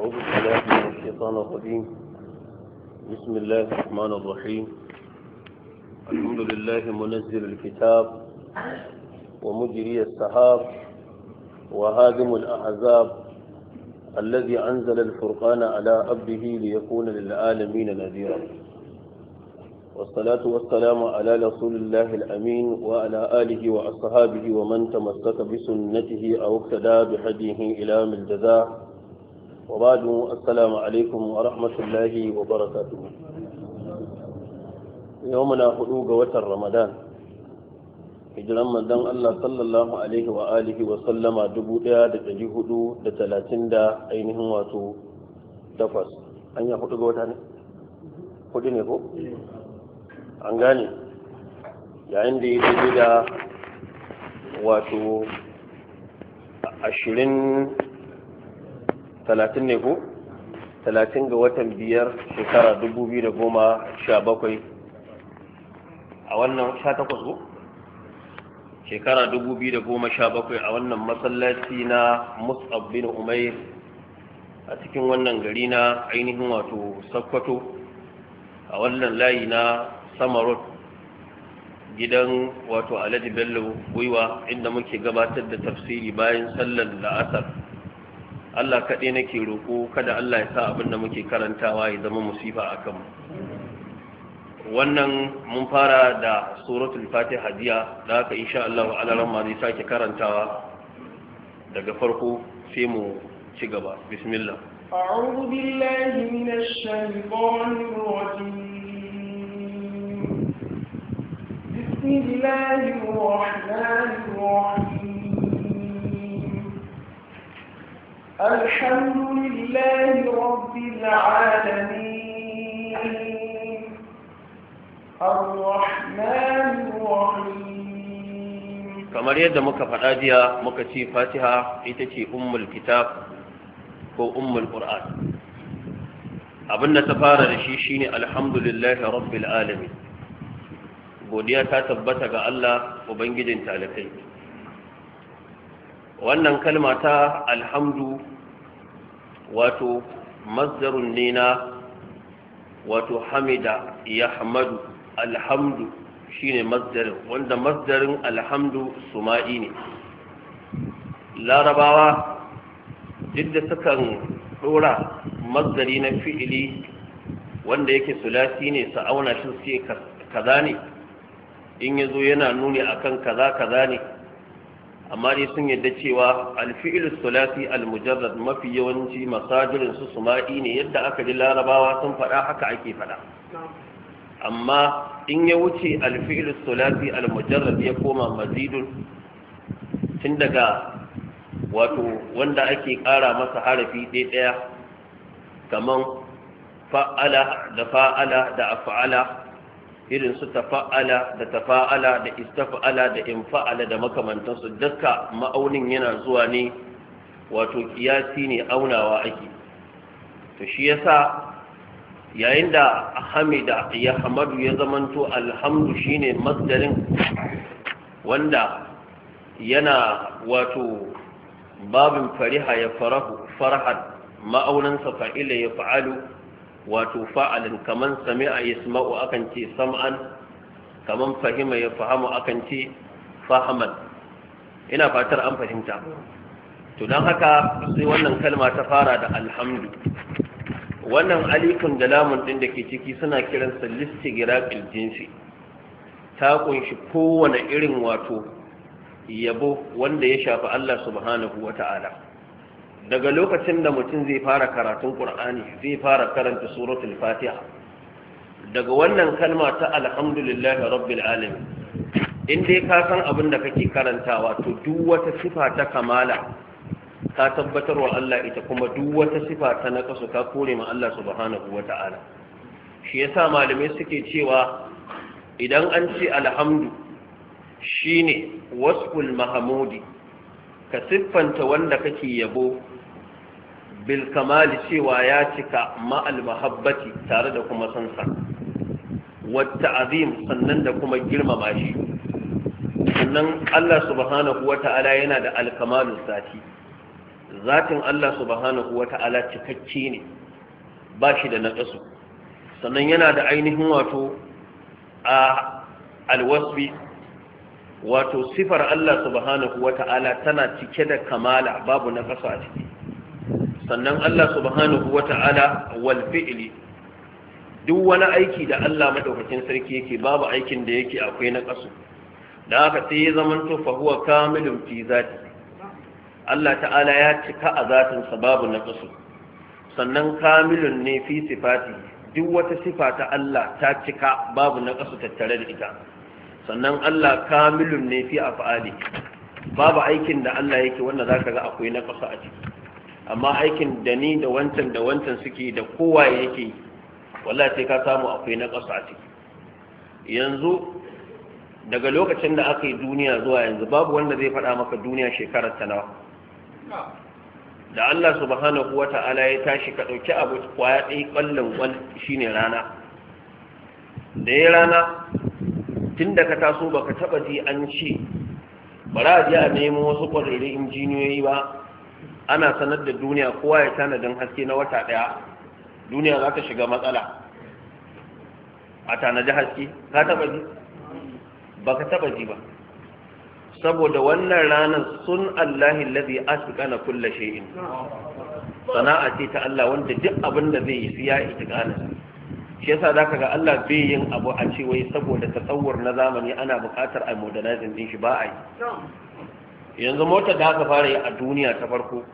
أعوذ بالله من الشيطان الرجيم بسم الله الرحمن الرحيم الحمد لله منزل الكتاب ومجري السحاب وهادم الأحزاب الذي أنزل الفرقان على عبده ليكون للعالمين نذيرا والصلاة والسلام على رسول الله الأمين وعلى آله وأصحابه ومن تمسك بسنته أو اقتدى بهديه إلى من وبعد السلام عليكم ورحمة الله وبركاته يومنا خلوق وتر رمضان hijiran manzon Allah sallallahu alaihi wa alihi wa sallama dubu daya da dari hudu da talatin da ainihin wato takwas hanya ya hudu ga wata ne hudu ne ko an gane yayin da ya dubu da wato ashirin talatin ne ko talatin ga watan biyar shekara dubu biyu da goma sha bakwai a wannan sha takwas ko shekara dubu biyu da goma sha bakwai a wannan masallaci na mus'ab bin umair a cikin wannan gari na ainihin wato sakkwato a wannan layi na samarot gidan wato alhaji bello gwiwa inda muke gabatar da tafsiri bayan sallar la'asar Allah kaɗai nake roƙo kada Allah ya sa abin da muke karantawa ya zama musifa a kanmu wannan mun fara da suratul fatiha jiya da haka sha Allah wa alaran ma zai sake karantawa daga farko sai mu ci gaba bismillah بسم الله الرحمن الرحيم الحمد لله رب العالمين الرحمن الرحيم kamar yadda muka faɗa jiya muka ce fatiha ita ce ummul kitab ko ummul qur'an abin da ta fara da shi shine alhamdulillahi rabbil alamin godiya ta tabbata ga Allah ubangijin talakai wannan kalma ta alhamdu wato mazdarun ne na wato hamida ya hamadu alhamdu shine mazdarin wanda mazdarin alhamdu suma'i ne larabawa duk da sukan dora mazdari na fi'ili wanda yake sulasi ne sa'auna shi sai kaza ne in yazo yana nuni akan kaza kaza ne amma dai sun yadda cewa alfi'il sulasi almujarrad mafi yawanci masajirin su suma'i ne yadda aka ji larabawa sun faɗa haka ake faɗa amma in ya wuce alfi'il sulasi almujarrad ya koma mazidun tun daga wato wanda ake ƙara masa harafi ɗaya ɗaya kaman fa'ala da fa'ala da af'ala irin su tafa'ala da tafa'ala da istafa'ala da infa'ala da makamantansu dukka ma'aunin yana zuwa ne wato kiyasi ne aunawa ake to shi yasa yayin da hamida ya hamadu ya zamanto alhamdu shine masdarin wanda yana wato babin fariha ya farahu farhan ma'aunansa fa'ila ya fa'alu wato fa'alin kaman sami'a yasma'u akan ce sam'an kaman fahima ya fahamu akan ce fahaman ina fatar an fahimta to don haka sai wannan kalma ta fara da alhamdu wannan alifin da lamun din da ke ciki suna kiransa listigiraqil jinsi ta kunshi kowane irin wato yabo wanda ya shafi Allah subhanahu wata'ala daga lokacin da mutum zai fara karatun ƙur'ani zai fara karanta suratul fatiha daga wannan kalma ta alhamdulillahi rabbil alamin in dai ka san abin da kake karantawa to duk wata sifa ta kamala ka tabbatar wa Allah ita kuma duk wata sifa ta nakasu ka kore ma Allah subhanahu wata'ala shi yasa malamai suke cewa idan an ce alhamdu shine wasful mahamudi ka siffanta wanda kake yabo Bilkamali cewa ya cika ma'al mahabbati tare da kuma sansa wata azim sannan da kuma girmama shi sannan Allah subhanahu wa ta'ala yana da alkamalu sati zatin Allah subhanahu wa ta'ala cikakke ne ba shi da naƙasu sannan yana da ainihin wato a alwasbi wato sifar Allah subhanahu wa ta'ala tana cike da kamala babu naƙasa a ciki sannan Allah subhanahu wa ta'ala wal fi'li duk wani aiki da Allah madaukakin sarki yake babu aikin da yake akwai na kasu da haka sai ya zamanto fa huwa kamilun fi zati Allah ta'ala ya cika a zatin babu na kasu sannan kamilun ne fi sifati duk wata sifa ta Allah ta cika babu na kasu tattare da ita sannan Allah kamilun ne fi af'ali babu aikin da Allah yake wanda zaka ga akwai na kasu a ciki amma aikin da ni da wancan da wancan suke da kowa yake wallahi sai ka samu akwai na ƙasa a ciki yanzu daga lokacin da aka yi duniya zuwa yanzu babu wanda zai faɗa maka duniya shekarar ta nawa da Allah subhanahu wa ta'ala ya tashi ka ɗauki abu kwaya ɗaya ƙwallon ƙwal shine rana da ya rana tun da ka taso baka taɓa ji an ce bara a a nemo wasu ƙwararri injiniyoyi ba ana sanar da duniya kowa ya tanadin haske na wata ɗaya duniya za ta shiga matsala a tanadi haske ka taɓa ji ba ka taɓa ji ba saboda wannan ranar sun allahi lazi asika na kulle shi'in sana'a ce ta Allah wanda duk abin da zai yi su ya itikana shi yasa ka ga Allah bai yin abu a ce wai saboda tasawur na zamani ana buƙatar a modernizing din shi ba a yi yanzu motar da aka fara yi a duniya ta farko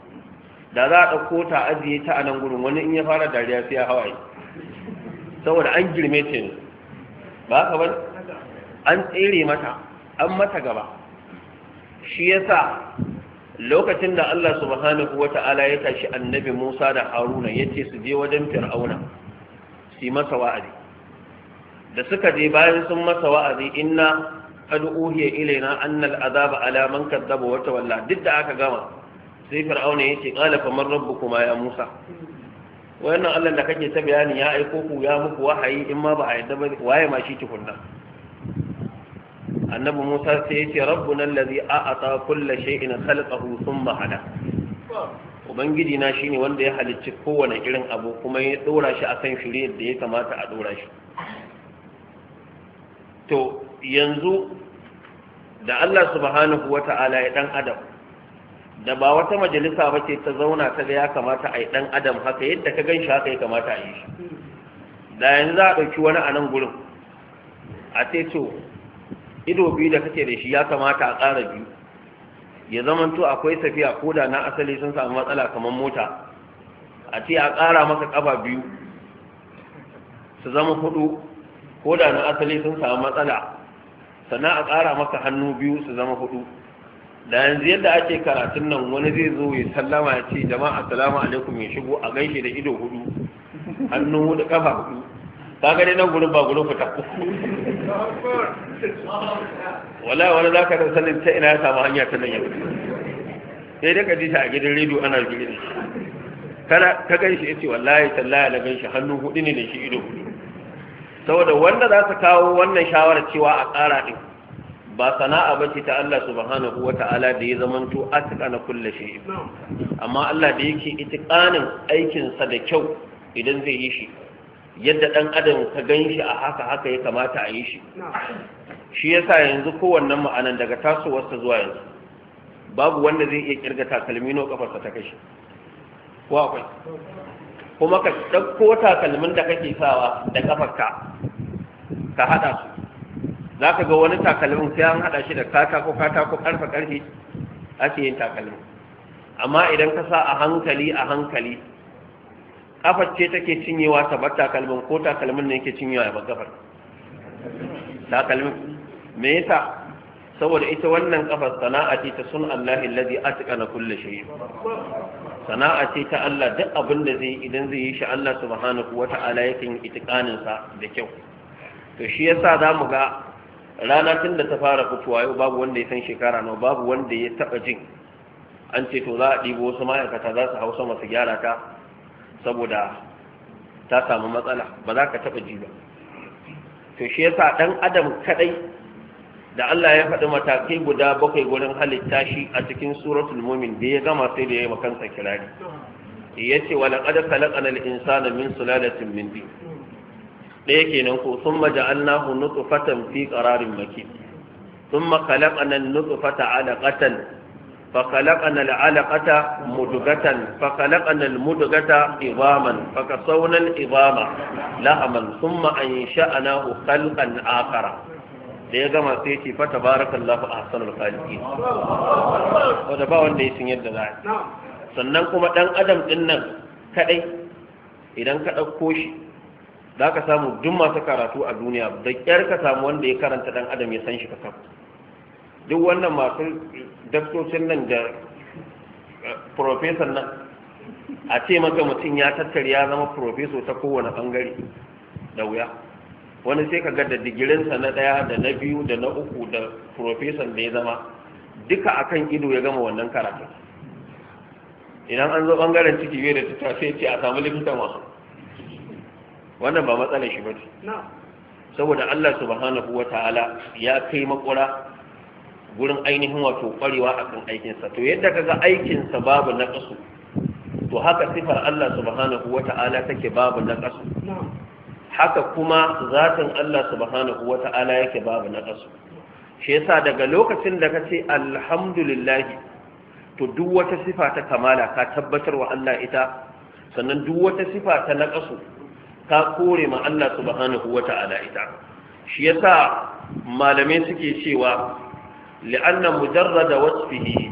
da za a ɗauko ta ajiye ta a nan gurin wani in ya fara dariya sai ya hawaye saboda an girme ta ne ba ka bar an tsere mata an mata gaba shi yasa lokacin da Allah subhanahu ala ya tashi annabi Musa da Haruna ya ce su je wajen Fir'auna su masa wa'azi da suka je bayan sun masa wa'azi inna qad uhiya ilaina annal azaba ala man kadzaba wa tawalla duk da aka gama sai fir'auna ya ce qala fa man rabbukuma ya musa wayannan Allah da kake ta bayani ya aiko ku ya muku wahayi in ma ba a yadda ba waye ma shi tukunna annabi musa sai ya ce rabbuna allazi a'ata kulli shay'in khalaqahu thumma hada ubangiji na shine wanda ya halicci kowane irin abu kuma ya dora shi akan shiriyar da ya kamata a dora shi to yanzu da Allah subhanahu wata'ala ya dan adam da ba wata majalisa ba ce ta zauna ta ga ya kamata a yi ɗan adam haka yadda ka gan shi haka ya kamata a yi shi da yanzu za a ɗauki wani a nan gurin a ce to ido biyu da kake da shi ya kamata a ƙara biyu ya to akwai tafiya ko da na asali sun samu matsala kamar mota a ce a ƙara maka ƙafa biyu su zama hudu ko da na asali sun samu matsala sannan a ƙara maka hannu biyu su zama hudu da yanzu yadda ake karatun nan wani zai zo ya sallama ya ce jama'a assalamu alaikum ya shigo a gaishe da ido hudu hannu hudu kafa hudu ka gani nan gurin ba gurin fita wala wani za ka da sanin ta ina ya samu hanya ta nan yau sai dai ka ji ta a gidan rediyo ana gidan kana ka gaishe shi yace wallahi sallaya na gaishe hannu hudu ne da shi ido hudu saboda wanda za su kawo wannan shawara cewa a tsara din ba sana'a ba ce ta Allah subhanahu ta'ala da ya zamanto na kulle shi amma Allah da yake itiqanin aikin sa da kyau idan zai yi shi yadda dan adam ka ganshi a haka haka ya kamata a yi shi shi yasa yanzu kowannen ma'anan daga tasowarsa zuwa yanzu babu wanda zai iya kirga takalmi no kafarsa ta kashi ko akwai kuma ka ɗauko takalmin da kake sawa da kafarka ka haɗa su za ka ga wani takalmin sai an haɗa shi da katako katako ƙarfe ƙarfe ake yin takalmin amma idan ka sa a hankali a hankali kafar ce take cinyewa ta bar takalmin ko takalmin ne yake cinyewa ya bar takalmin me yasa saboda ita wannan kafar sana'a ce ta sun Allah alladhi atqana kulli shay sana'a ce ta Allah duk abin da zai idan zai yi shi Allah subhanahu wata'ala yake itiqanin sa da kyau to shi yasa zamu ga rana tun da ta fara fitowa yau babu wanda ya san shekara nawa babu wanda ya taba jin an ce to za a ɗibo wasu ma'aikata za su hausa masu gyara ta saboda ta samu matsala ba za ka taba ji ba to shi yasa dan adam kadai da Allah ya faɗi matakai guda bakwai gurin halitta shi a cikin suratul mumin da ya gama sai da ya yi makansa kirari ya ce wa laqad khalaqana al-insana min sulalatin min tin ɗaya kenan ko sun maja'alnahu nutfatan fi qararin makin ثم خلقنا النطفة علقة فخلقنا العلقة مدغة فخلقنا المدغة عظاما فكسونا العظام لحما ثم أنشأناه خلقا آخر da ya gama sai ce fata barakan lafi a sanar kaliki wadda ba wanda ya sun yadda za sannan kuma ɗan adam ɗin nan kaɗai idan ka ɗauko shi za ka samu duk masu karatu a duniya da kyar ka samu wanda ya karanta dan adam ya san shi ka kafa duk wannan masu daktocin nan da eh, profesan nan a ce maka mutum ya tattari ya zama profeso ta kowane bangare da wuya wani sai ka ga da digirinsa na ɗaya da na biyu da na uku da profesan da ya zama duka akan ido ya gama wannan karatu idan an zo bangaren ciki bai da tuta sai ce a samu likita wasu wannan ba matsalar shi ba ce. saboda Allah subhanahu ya kai makura gurin ainihin wato kwarewa akan aikinsa, to yadda kaga ga aikinsa babu naqasu to haka sifar Allah subhanahu wataala take babu naqasu haka kuma zatin Allah subhanahu wataala yake babu naqasu shi yasa daga lokacin da ka ce alhamdulillahi, to duk wata sifa ta kamala ka tabbatar wa Allah ita sannan duk wata sifa ta naƙasu ka kore ma Allah subhanahu wa ta'ala ita shi yasa malamai suke cewa li'anna mujarrada wasfihi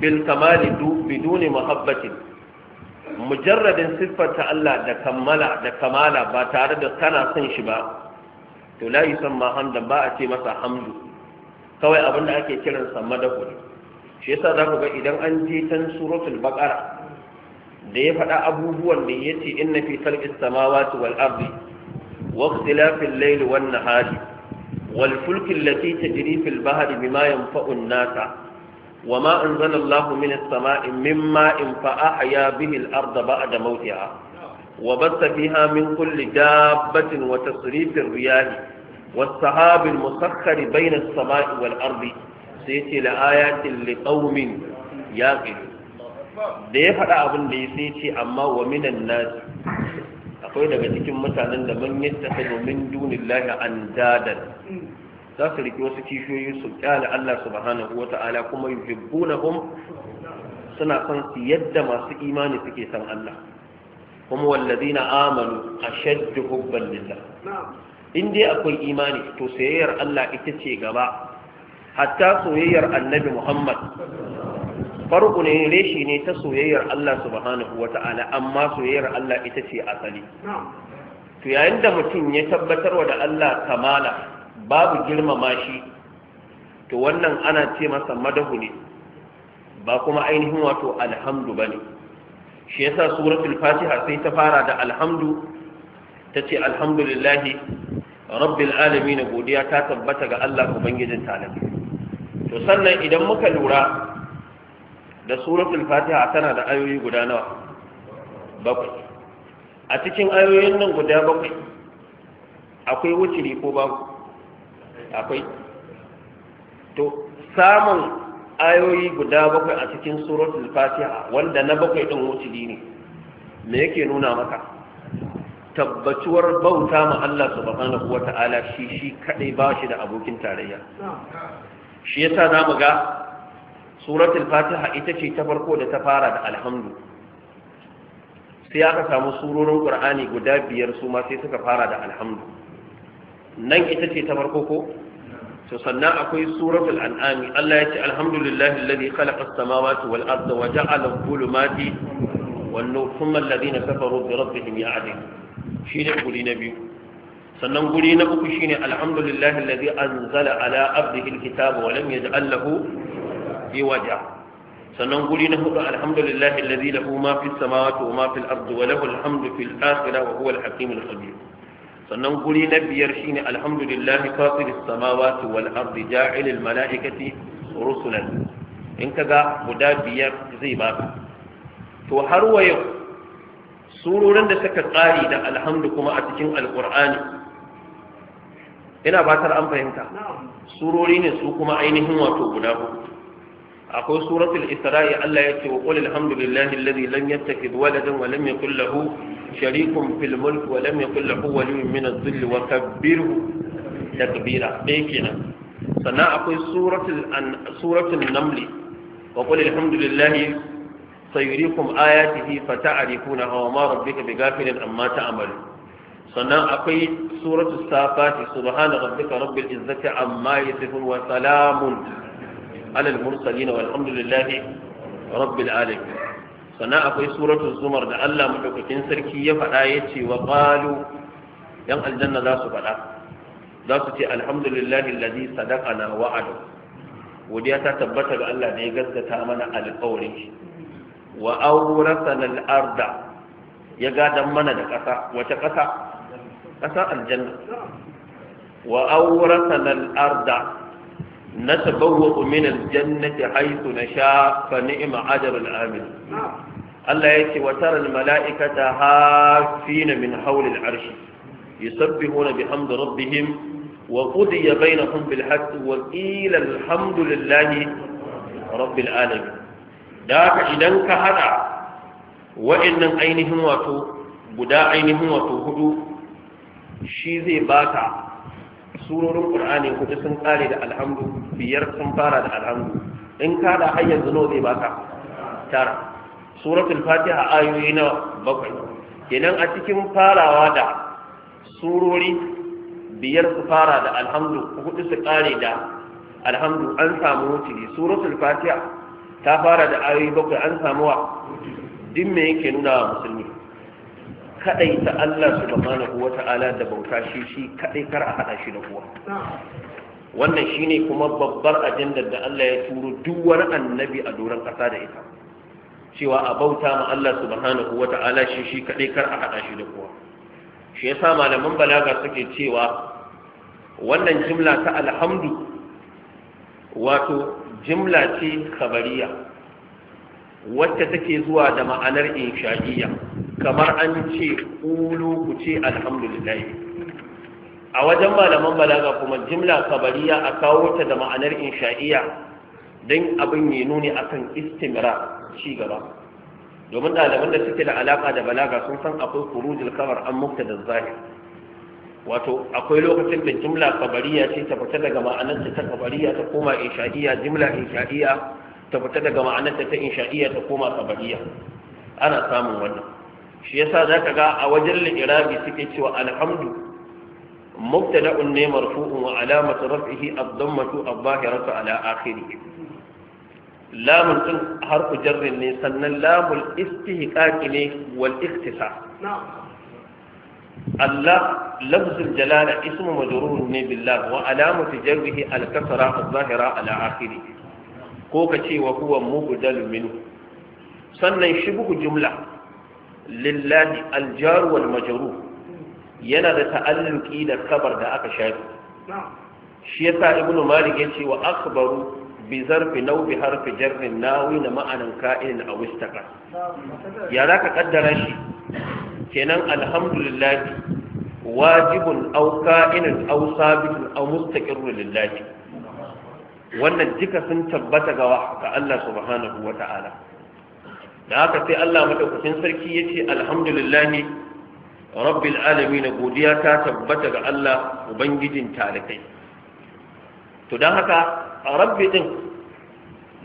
bil kamali biduni mahabbatin mujarradin siffarta Allah da kammala da kamala ba tare da tana son shi ba to la ma hamdan ba a ce masa hamdu kawai abinda ake kiransa madahu shi yasa za ku ga idan an je tan suratul baƙara. da ya faɗa abubuwan da ya ce inna fi khalqis samawati wal ardi wa ikhtilafil layli wan nahari wal fulki allati tajri fil bahri bima yanfa'u an-nasa وما أنزل الله من السماء من ماء فأحيا به الأرض بعد موتها وبث فيها من كل دابة وتصريف الرياح والسحاب المسخر بين السماء والأرض سيتي لآيات لقوم يقل da ya faɗa abin da ya sai ce amma wa minan nas akwai daga cikin mutanen da man yattakhidhu domin an dadar za su riƙe wasu kishiyoyi su kyale Allah subhanahu wata'ala kuma yuhibbunahum suna son su yadda masu imani suke san Allah kuma amalu amanu shaddu hubban lillah in dai akwai imani to sayayyar Allah ita ce gaba hatta soyayyar Annabi Muhammad farko ne reshi ne ta soyayyar Allah subhanahu wata'ala amma soyayyar Allah ita ce asali to yayin da mutum ya tabbatar wa da Allah kamala babu girmama shi to wannan ana ce masa madahu ne ba kuma ainihin wato alhamdu bane shi yasa suratul fatiha sai ta fara da alhamdu tace alhamdulillahi rabbil alamin godiya ta tabbata ga Allah ubangijin talabi to sannan idan muka lura da suratul fatiha tana da ayoyi guda nawa bakwai a cikin ayoyin nan guda bakwai akwai wuciri ko ba akwai to samun ayoyi guda bakwai a cikin suratul fatiha wanda na bakwai din wuciri ne me yake nuna maka tabbacuwar bauta ma Allah subhanahu wata'ala shi shi kadai ba shi da abokin tarayya shi yasa zamu ga suratul fatiha ita ce ta farko da ta fara da alhamdu sai aka samu surorin qur'ani guda biyar su ma sai suka fara da alhamdu nan ita ce ta farko ko to sannan akwai suratul an'ami Allah ya ce alhamdulillahi alladhi khalaqa as-samawati wal arda wa ja'ala adh-dhulumati wan nur thumma alladhina kafaru bi rabbihim ya'dil shine guri na biyu sannan guri na uku shine alhamdulillahi alladhi anzala ala abdihi al-kitaba wa lam yaj'al lahu fi waja sannan guri na hudu alhamdulillahi alladhi lahu ma fi samawati wa ma ardi wa lahu fil akhirah wa huwa al-hakim al-khabir sannan guri na biyar shine alhamdulillahi fatir as-samawati wal ardi ja'il al-mala'ikati rusulan in kaga guda biyar zai to har wa yau surorin da suka tsari da alhamdu kuma a cikin alqur'ani ina batar an fahimta surori ne su kuma ainihin wato guda hudu akwai suratul isra'i Allah ya ce wa qul alhamdulillahi alladhi lam yattakhid waladan wa lam yakul lahu sharikun fil mulk wa lam yakul lahu waliyyun min adh-dhill wa kabbirhu takbira dai kenan sannan akwai suratul suratul naml wa qul alhamdulillahi sayurikum ayatihi fata'rifuna wa ma rabbuka bighafilin amma ta'malu sannan akwai suratul safati subhana rabbika rabbil izzati amma yasifun wa salamun alal mursalin walhamdulillahi rabbil alamin sannan akwai suratul zumar da Allah madaukakin sarki ya faɗa ya ce wa qalu yan aljanna za su faɗa za su ce alhamdulillahi sadaka na wa'ada godiya ta tabbata ga Allah da ya gaskata mana alƙawarin shi wa awrasana al-arda ya gadan mana da ƙasa wace ƙasa ƙasa aljanna wa awrasana al-arda نتبوأ من الجنة حيث نشاء فنعم أجر العامل الله يأتي وترى الملائكة هافين من حول العرش يسبحون بحمد ربهم وقضي بينهم بالحق وقيل الحمد لله رب العالمين ذاك إذا كهذا وإن أينهم وتو بدا أينهم وتو هدو شيء ذي باكا surorin qur'ani kuɗi sun ƙare da alhamdu biyar sun fara da alhamdu in ka da har yanzu nawa zai baka tara suratul fatiha ayoyi nawa bakwai kenan a cikin farawa da surori biyar su fara da alhamdu kuɗi su ƙare da alhamdu an samu wuce suratul fatiha ta fara da ayoyi bakwai an samu wa din me yake nuna musulmi Kadai ta Allah subhanahu wata'ala da bauta shi shi kadai kar a hada shi da kowa wannan shine kuma babbar ajandar da Allah ya turo duk wani annabi a doron kasa da ita cewa a bauta ma Allah subhanahu wata'ala shi shi kadai kar a hada shi da kowa shi yasa malaman balaga suke cewa wannan jimla ta alhamdu wato jimla ce khabariya wacce take zuwa da ma'anar insha'iyya kamar an ce ƙulu ku ce alhamdulillah a wajen malaman balaga kuma jimla kabariya a kawo ta da ma'anar insha'iya don abin ya nuni akan istimira ci gaba domin ɗaliban da suke da alaƙa da balaga sun san akwai kurujil kamar an mukta da zahir wato akwai lokacin da jimla kabariya ce ta fita daga ma'anarta ta kabariya ta koma insha'iya jimla insha'iya ta fita daga ma'anarta ta insha'iya ta koma kabariya ana samun wannan shi yasa zaka ga a wajen li'irabi suke cewa alhamdu mubtada'un ne marfu'un wa alamatu raf'ihi ad-dammatu adh-dhahiratu ala akhirih lamun har ku jarrin ne sannan lamul istihqaq ne wal iktisar Allah لفظ الجلالة اسم مجرور بالله وعلامة جره الكسرة الظاهرة على آخره كوكتي وهو مبدل Sannan shi شبه jumla. lillahi aljaru wal yana da ta'alluki da kabar da aka shafi shi yasa ibnu malik ya ce wa akhbaru bi zarfi naw bi jarrin nawi na ma'anan ka'in aw istaqa ya zaka kaddara shi kenan alhamdulillah wajibun aw ka'inun aw sabitun aw mustaqirrun lillah wannan duka sun tabbata ga Allah subhanahu wa da haka sai Allah madaukakin sarki ya ce alhamdulillah rabbil na godiya ta tabbata ga Allah ubangijin talikai to dan haka rabbi din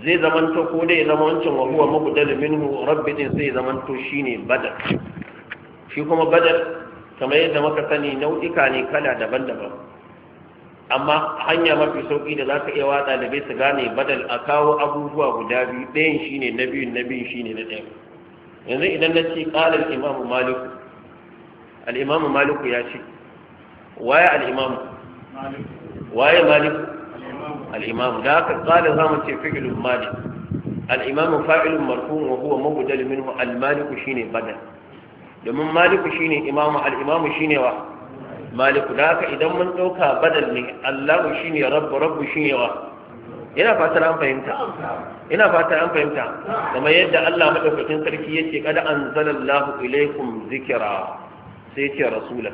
zai zamanto ko dai zama wancan wa huwa mubdal minhu rabbi din sai zamanto shine badal shi kuma badal kamar yadda muka sani nau'ika ne kala daban-daban amma hanya mafi sauki da za ka iya wa ɗalibai su gane badal a kawo abubuwa guda biyu ɗayan ne na biyun na biyun ne na ɗaya yanzu idan na ce ƙalar imamu maliku al'imamu maliku ya ce waye al'imamu waye maliku al'imamu da haka ƙalar za mu ce fi'ilun malik al'imamu fa'ilun marfu'un wa huwa mabudal minhu al-maliku shine badal domin maliku shine imamu al-imamu shine wa maliku da haka idan mun ɗauka badal ne allahu shi ne rabbu rabbu shi yawa. ina fatar an fahimta ina fatar an fahimta kamar yadda allah maɗaukakin sarki ya ce kada an zalallahu ilaikum zikira sai ce rasulan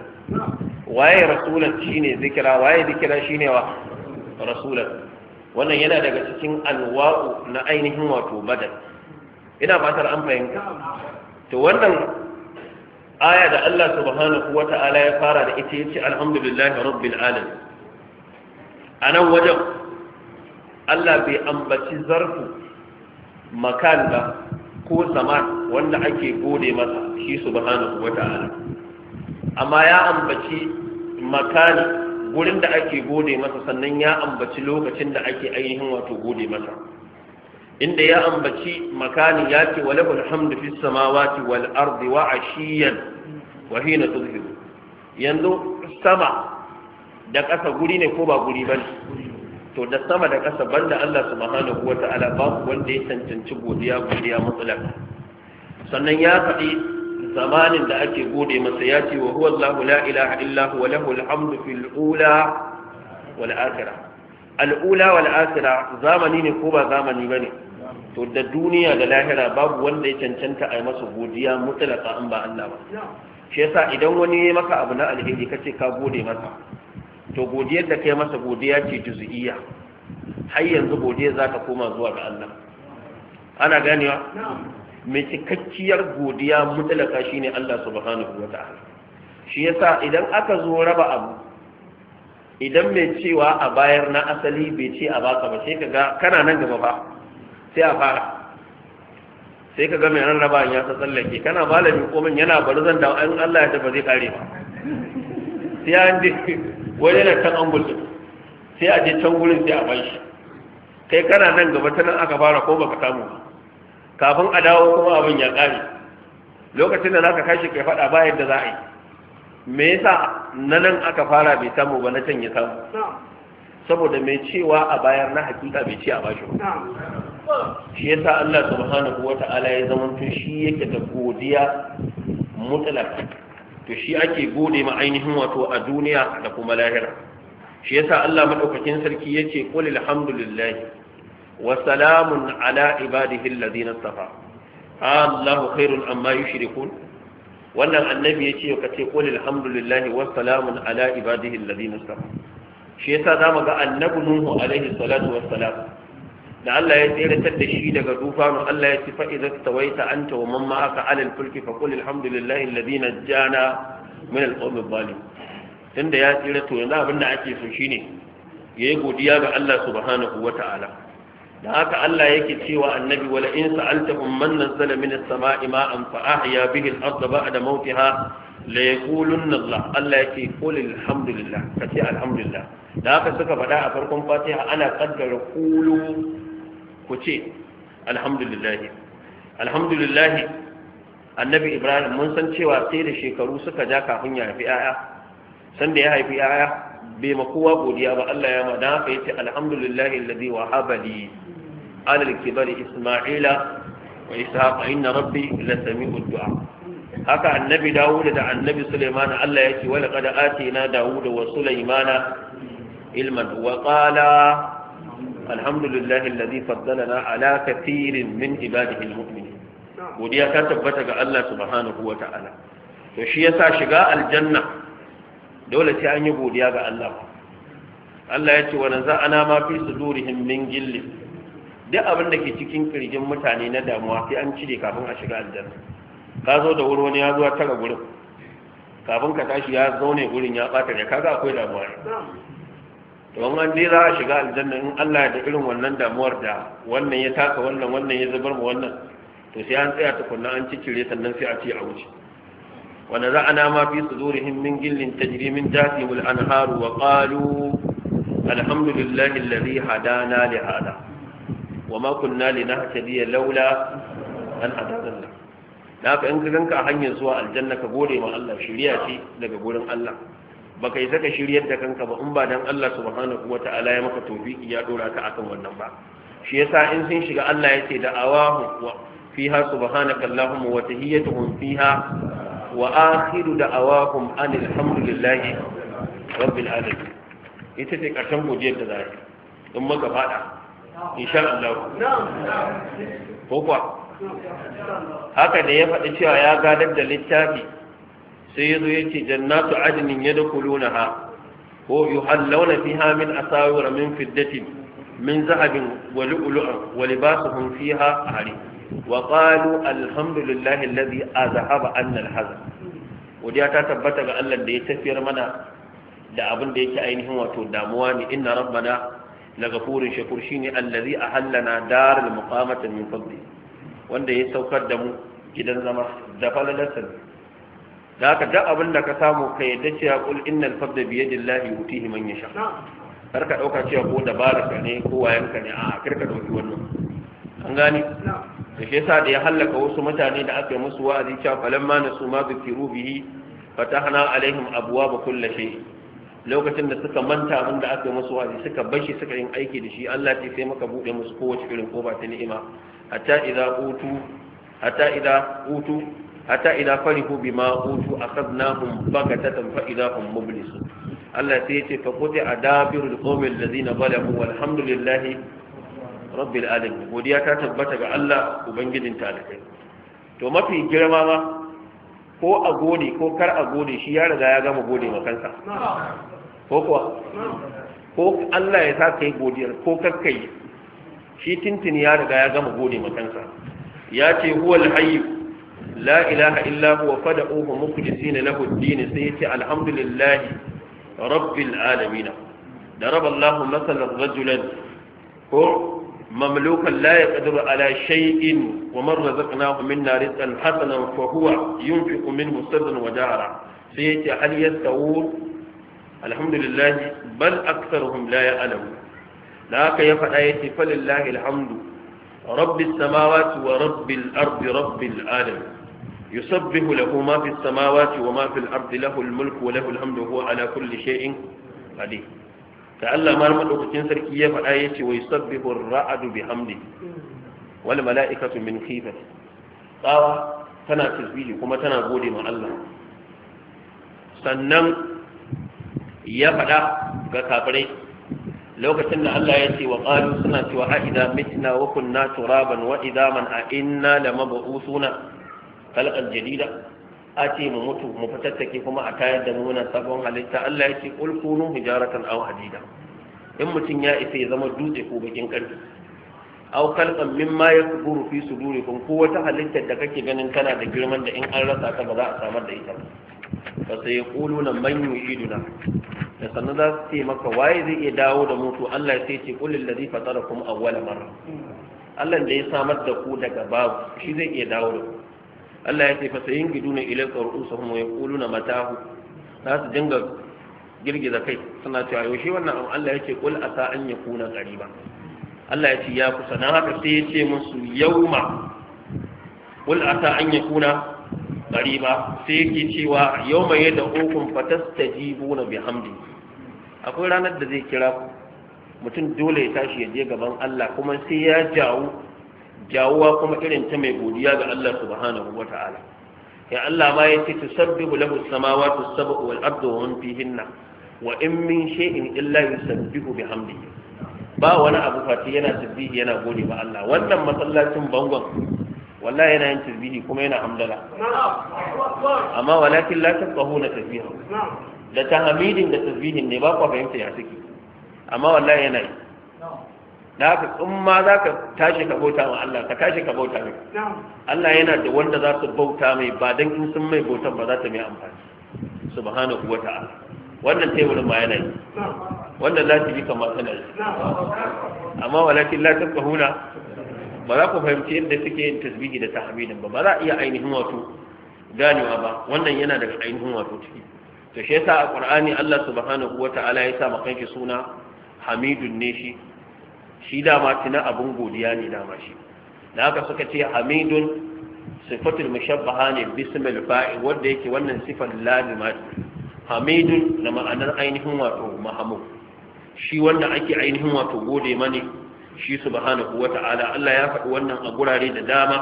waye rasulan shine zikira waye zikira shine wa rasulan wannan yana daga cikin alwa'u na ainihin wato badal ina fatar an fahimta to wannan aya da Allah subhanahu wa ta'ala ya fara da ita yace alhamdulillahi rabbil alamin anan wajen Allah bai ambaci zarfu makan ba ko zaman wanda ake gode masa shi subhanahu wa ta'ala amma ya ambaci makani gurin da ake gode masa sannan ya ambaci lokacin da ake ainihin wato gode masa inda ya ambaci makanin ya ce wa lahul hamdu fis samawati wal ardi wa ashiyan wa hina tuzhiru yanzu sama da ƙasa guri ne ko ba guri ba to da sama da ƙasa banda Allah subhanahu wa ta'ala ba wanda ya tantance godiya godiya mutlaka sannan ya faɗi zamanin da ake gode masa ya ce wa huwa Allahu la ilaha illa huwa lahul hamdu fil ula wal akhirah al ula wal akhirah zamani ne ko ba zamani bane to da duniya da lahira babu wanda ya cancanta a yi masa godiya mutlaka in ba Allah ba shi yasa idan wani ya maka abu na alheri kace ka gode masa to godiyar da kai masa godiya ce juz'iyya har yanzu godiyar za ta koma zuwa ga Allah ana ganewa mai cikakkiyar godiya ka shine Allah subhanahu wata'ala shi yasa idan aka zo raba abu idan mai cewa a bayar na asali bai ce a baka ba sai kaga kana nan gaba ba sai a fara sai ka ga mai rarraba ya ta tsallake kana malami ko yana bari zan da an Allah ya tafi zai kare ba sai an je wani can an angul sai a je can gurin sai a bai shi kai kana nan gaba ta nan aka fara ko baka samu ba kafin a dawo kuma abin ya kare lokacin da zaka kashi kai fada ba yadda za a yi me yasa na nan aka fara bai samu ba na can ya samu saboda mai cewa a bayar na hakika bai ci a bashi ba shi yasa Allah subhanahu wata'ala ya zama to shi yake da godiya mutlaq to shi ake gode ma ainihin wato a duniya da kuma lahira shi yasa Allah madaukakin sarki yace qul alhamdulillah wa salamun ala ibadihi alladhina istafa Allahu khairun amma yushrikun wannan annabi yace ka ce qul alhamdulillah wa salamun ala ibadihi alladhina istafa shi yasa zamu ga annabi Nuhu alaihi salatu wassalam da Allah ya tsiratar da shi daga dufa Allah ya ce fa idza tawaita anta wa man ma'aka alal fulki fa qul alhamdulillahi alladhi najjana min al-qawmi dhalim tunda ya tsira to yanzu abinda ake so shine yayi godiya ga Allah subhanahu wata'ala da haka Allah yake cewa annabi wala in sa'altahum man nazzala min as-sama'i ma'an fa ahya bihi al-ardha ba'da mawtiha la Allah Allah yake qul alhamdulillah kace alhamdulillah da haka suka faɗa a farkon Fatiha ana kaddara kulu ku ce alhamdulillah alhamdulillah annabi ibrahim mun san cewa sai da shekaru suka ja kafin ya haifi yaya san da ya haifi yaya bai ma kowa godiya ba Allah ya ma dan haka yace alhamdulillah alladhi wahaba li ala al-kibari isma'ila wa ishaqa inna rabbi lasami'ud du'a haka annabi dawud da annabi sulaiman Allah yake wala qad atina dawud wa sulaimana ilman wa qala alhamdulillahi alladhi faddalana ala kathirin min ibadihi almu'minin godiya ta tabbata ga Allah subhanahu wa ta'ala to shi yasa shiga aljanna dole sai an yi godiya ga Allah Allah ya ce wa ana ma fi sudurihim min gilli duk abin da ke cikin kirjin mutane na damuwa sai an cire kafin a shiga aljanna ka zo da wuri wani ya zo tara gurin kafin ka tashi ya zaune gurin ya bata ne kaga akwai damuwa ne don an dai za a shiga aljanna in Allah ya da irin wannan damuwar da wannan ya taka wannan wannan ya zubar mu wannan to sai an tsaya tukunna an cikire sannan sai a ce a wuce wanda za a nama fi sudurihim min gillin tajri min tahtihim al-anharu wa qalu alhamdulillahi alladhi hadana li hada wa ma kunna biya laula an hadana Allah da haka in ka ganka a hanyar zuwa aljanna ka gode ma Allah shiriya ce daga gurin Allah baka yi saka shiryar da kanka ba in ba dan Allah subhanahu wata'ala ya maka tofiki ya dora ta akan wannan ba shi yasa in sun shiga Allah ya ce da awahu wa fiha subhanaka allahumma wa tahiyyatuhum fiha wa akhiru da'awahum anil hamdulillahi rabbil alamin ita ce karshen godiyar da za in maka fada insha Allah ko kuwa haka da ya faɗi cewa ya gadar da littafi sai yazo yace jannatu adnin yadkhulunaha ko yuhallawna fiha min asawir min fiddatin min zahabin wa lu'lu'an wa libasuhum fiha harir wa qalu alhamdulillahi alladhi azhaba anna alhazan godiya ta tabbata ga Allah da ya tafiyar mana da abin da yake ainihin wato damuwa ne inna rabbana lagafurin shakur shine allazi ahallana daral dara min fadli wanda ya saukar da mu gidan zama da falalarsa da haka duk abin da ka samu ka yadda cewa kul innal fadl bi yadillahi yutihi man yasha kar ka dauka cewa ko da baraka ne ko wayan ka ne a kar ka dauki wannan an gane da shi yasa da ya halaka wasu mutane da aka yi musu wa'azi cewa ma nasu ma zikiru bihi fatahna alaihim abwaaba kulli shay lokacin da suka manta abin da aka yi musu wa'azi suka bashi suka yin aiki da shi Allah ce sai maka bude musu kowace irin koba ta ni'ima hatta idza utu hatta idza utu hatta idza farihu bima utu akhadnahum bagatatan fa idza hum mublisun Allah sai yace fa quti adabirul qawmil ladina zalamu walhamdulillahi rabbil alamin godiya ta tabbata ga Allah ubangijin talakai to mafi girma ko a gode ko kar a gode shi ya riga ya gama gode ma kansa ko kuwa ko Allah ya sa kai godiyar ko kakkai shi tintini ya riga ya gama gode ma kansa ya ce huwal hayyu la ilaha illa huwa fad'uhu mukhlisina lahu ad-din sai yace alhamdulillah rabbil alamin da raba Allahu masalan rajulan ko mamlukan la yaqdiru ala shay'in wa man razaqnahu minna rizqan hasanan fa huwa yunfiqu minhu sirran wa jahra sai yace hal yastawun alhamdulillah bal aktharuhum la ya'lamun da haka ya faɗa ya ce falillahi alhamdu rabbi samawati wa يسبح له ما في السماوات وما في الأرض له الملك وله الحمد وهو على كل شيء قدير تعالى ما المدوكتين سركية فآية ويسبح الرعد بحمده والملائكة من خيفته قاوة تنا تسبيح كما تنا قولي مع الله سنن يفعل ككابري لو كتنا الله يتي وقالوا سنة وإذا متنا وكنا ترابا وإذا من أئنا لمبعوثون khalqan jadida a ce mu mutu mu fatattake kuma a tayar da mu na sabon halitta Allah yake kul kunu hijaratan aw hadida in mutum ya isa ya zama dutse ko bakin karfi aw khalqan mimma yakburu fi sudurikum ko wata halittar da kake ganin tana da girman da in an rasa ta ba za a samar da ita ba sai yaquluna man yu'iduna da sannan za su ce maka waye zai iya dawo da mutu Allah sai ce qul allazi fatarakum awwala marra Allah da ya samar da ku daga babu shi zai iya dawo da ku Allah ya ce fa sayin giduna kuma ya wa na matahu za su dinga girgiza kai suna cewa yaushe wannan abu Allah ya ce qul asa an yakuna qariba Allah ya ce ya kusa dan haka sai ya ce musu yauma qul asa an yakuna qariba sai yake cewa yauma yad'ukum fatastajibuna bihamdi akwai ranar da zai kira ku mutum dole ya tashi ya je gaban Allah kuma sai ya jawo jawuwa kuma irin ta mai godiya ga Allah subhanahu wa ta'ala ya Allah ma yace tusabbihu lahu as-samawati as-sab'u wal ardu wa man fihinna wa in min shay'in illa yusabbihu bihamdihi ba wani abu fati yana tasbihi yana gode ba Allah wannan masallacin bangon wallahi yana yin tasbihi kuma yana hamdala amma walakin la tafqahuna tasbihu da tahmidin da tasbihin ne ba ku fahimta ya take amma wallahi yana yi da haka in ma za ka tashi ka bauta wa Allah ka tashi ka bauta ne. Allah yana da wanda za su bauta mai ba dan in sun mai bautan ba za ta mai amfani subhanahu wa ta'ala wannan teburin ma yana yi wannan za ta bi kama tana yi amma walakin la tafahuna ba za ku fahimci yadda suke yin tasbihi da tahmidin ba ba za a iya ainihin wato ganewa ba wannan yana daga ainihin wato ciki to shi yasa a qur'ani Allah subhanahu wa ta'ala ya sa makanki suna hamidun ne shi shi dama tuna abin godiya ne dama shi da haka suka ce hamidun sifatul mushabbaha ne bismil fa'i wanda yake wannan sifar lazima hamidun da ma'anar ainihin wato mahamud shi wanda ake ainihin wato gode mani shi subhanahu wata'ala Allah ya faɗi wannan a gurare da dama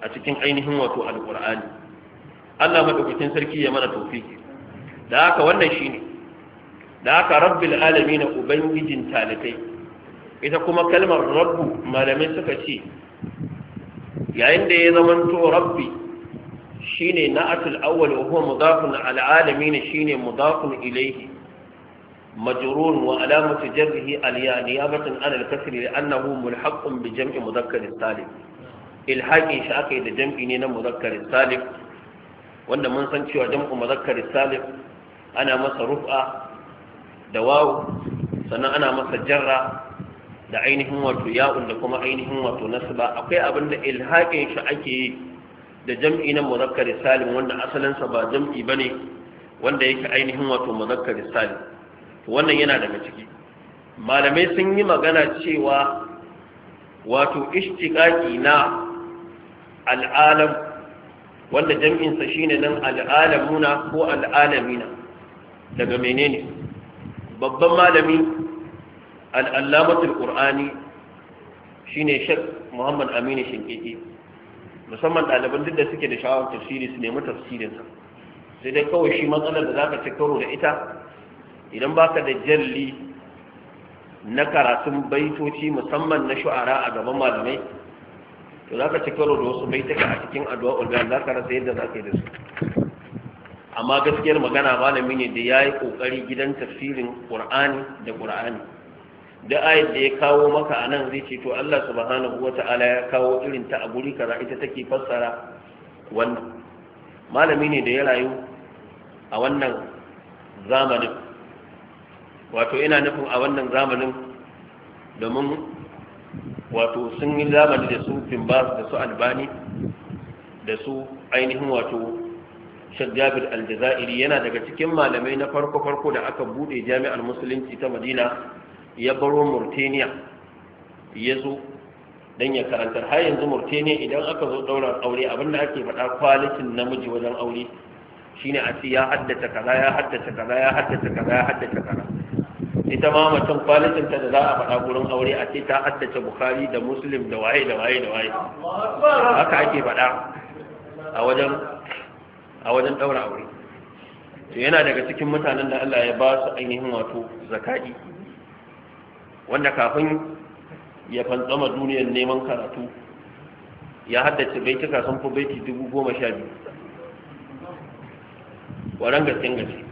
a cikin ainihin wato alqur'ani Allah madaukakin sarki ya mana tawfiki da haka wannan shine da haka rabbil alamin ubangijin talatai. ita kuma kalmar rabbu malamai suka ce yayin da ya zamanto rabbi shine na'atul awwal wa huwa mudafun ala alamin shine mudafun ilayhi majrur wa alamatu jarrihi aliya niyabatan an al-kasri li'annahu mulhaqqun bi jam'i mudhakkar salim ilhaqin shi akai da jam'i ne na mudhakkar salim wanda mun san cewa jam'u mudhakkar salim ana masa rufa da wawu sannan ana masa jarra da ainihin wato ya'un da kuma ainihin wato nasba akwai abin da ilhaƙin shi ake yi da jam'i na muzakkar salim wanda asalinsa ba jam'i ba ne wanda yake ainihin wato muzakkar salim wannan yana daga ciki malamai sun yi magana cewa wato ishtiqaqi na al'alam wanda jam'insa shine nan al'alamuna ko al'alamina daga menene babban malami al'allamatul shi ne shek muhammad aminu shinkiki musamman ɗaliban duk da suke da sha'awar tafsiri su nemi tafsirinsa sai dai kawai shi matsalar da za ka ci karo da ita idan baka da jalli na karatun baitoci musamman na shu'ara a gaban malamai to za ka ci karo da wasu baitaka a cikin addu'a ulgan za ka rasa yadda za ka su amma gaskiyar magana malami ne da ya yi ƙoƙari gidan tafsirin ƙur'ani da ƙur'ani da ayat da ya kawo maka a nan zai ce to Allah subhanahu ta'ala ya kawo irin ta a guri kaza ita take fassara wannan malami ne da ya rayu a wannan zamanin wato ina nufin a wannan zamanin domin wato sun yi zamani da su fimbas da su albani da su ainihin wato al aljazairi yana daga cikin malamai na farko-farko da aka bude jami'ar musulunci ta madina ya baro murtaniya ya zo don ya karantar har yanzu murtaniya idan aka zo ɗauran aure abinda ake faɗa kwalitin namiji wajen aure shine a ce ya haddace kaza ya haddace kaza ya haddace kaza ya haddace kaza ita ma mutum kwalitin ta da za a faɗa gurin aure a ce ta haddace bukhari da muslim da waye da waye da waye haka ake faɗa a wajen a wajen ɗaura aure to yana daga cikin mutanen da Allah ya ba su ainihin wato zakati wanda kafin ya fantsama duniyar neman karatu ya haddace baituka sun fi baiti dubu goma sha biyu waran gasken gaske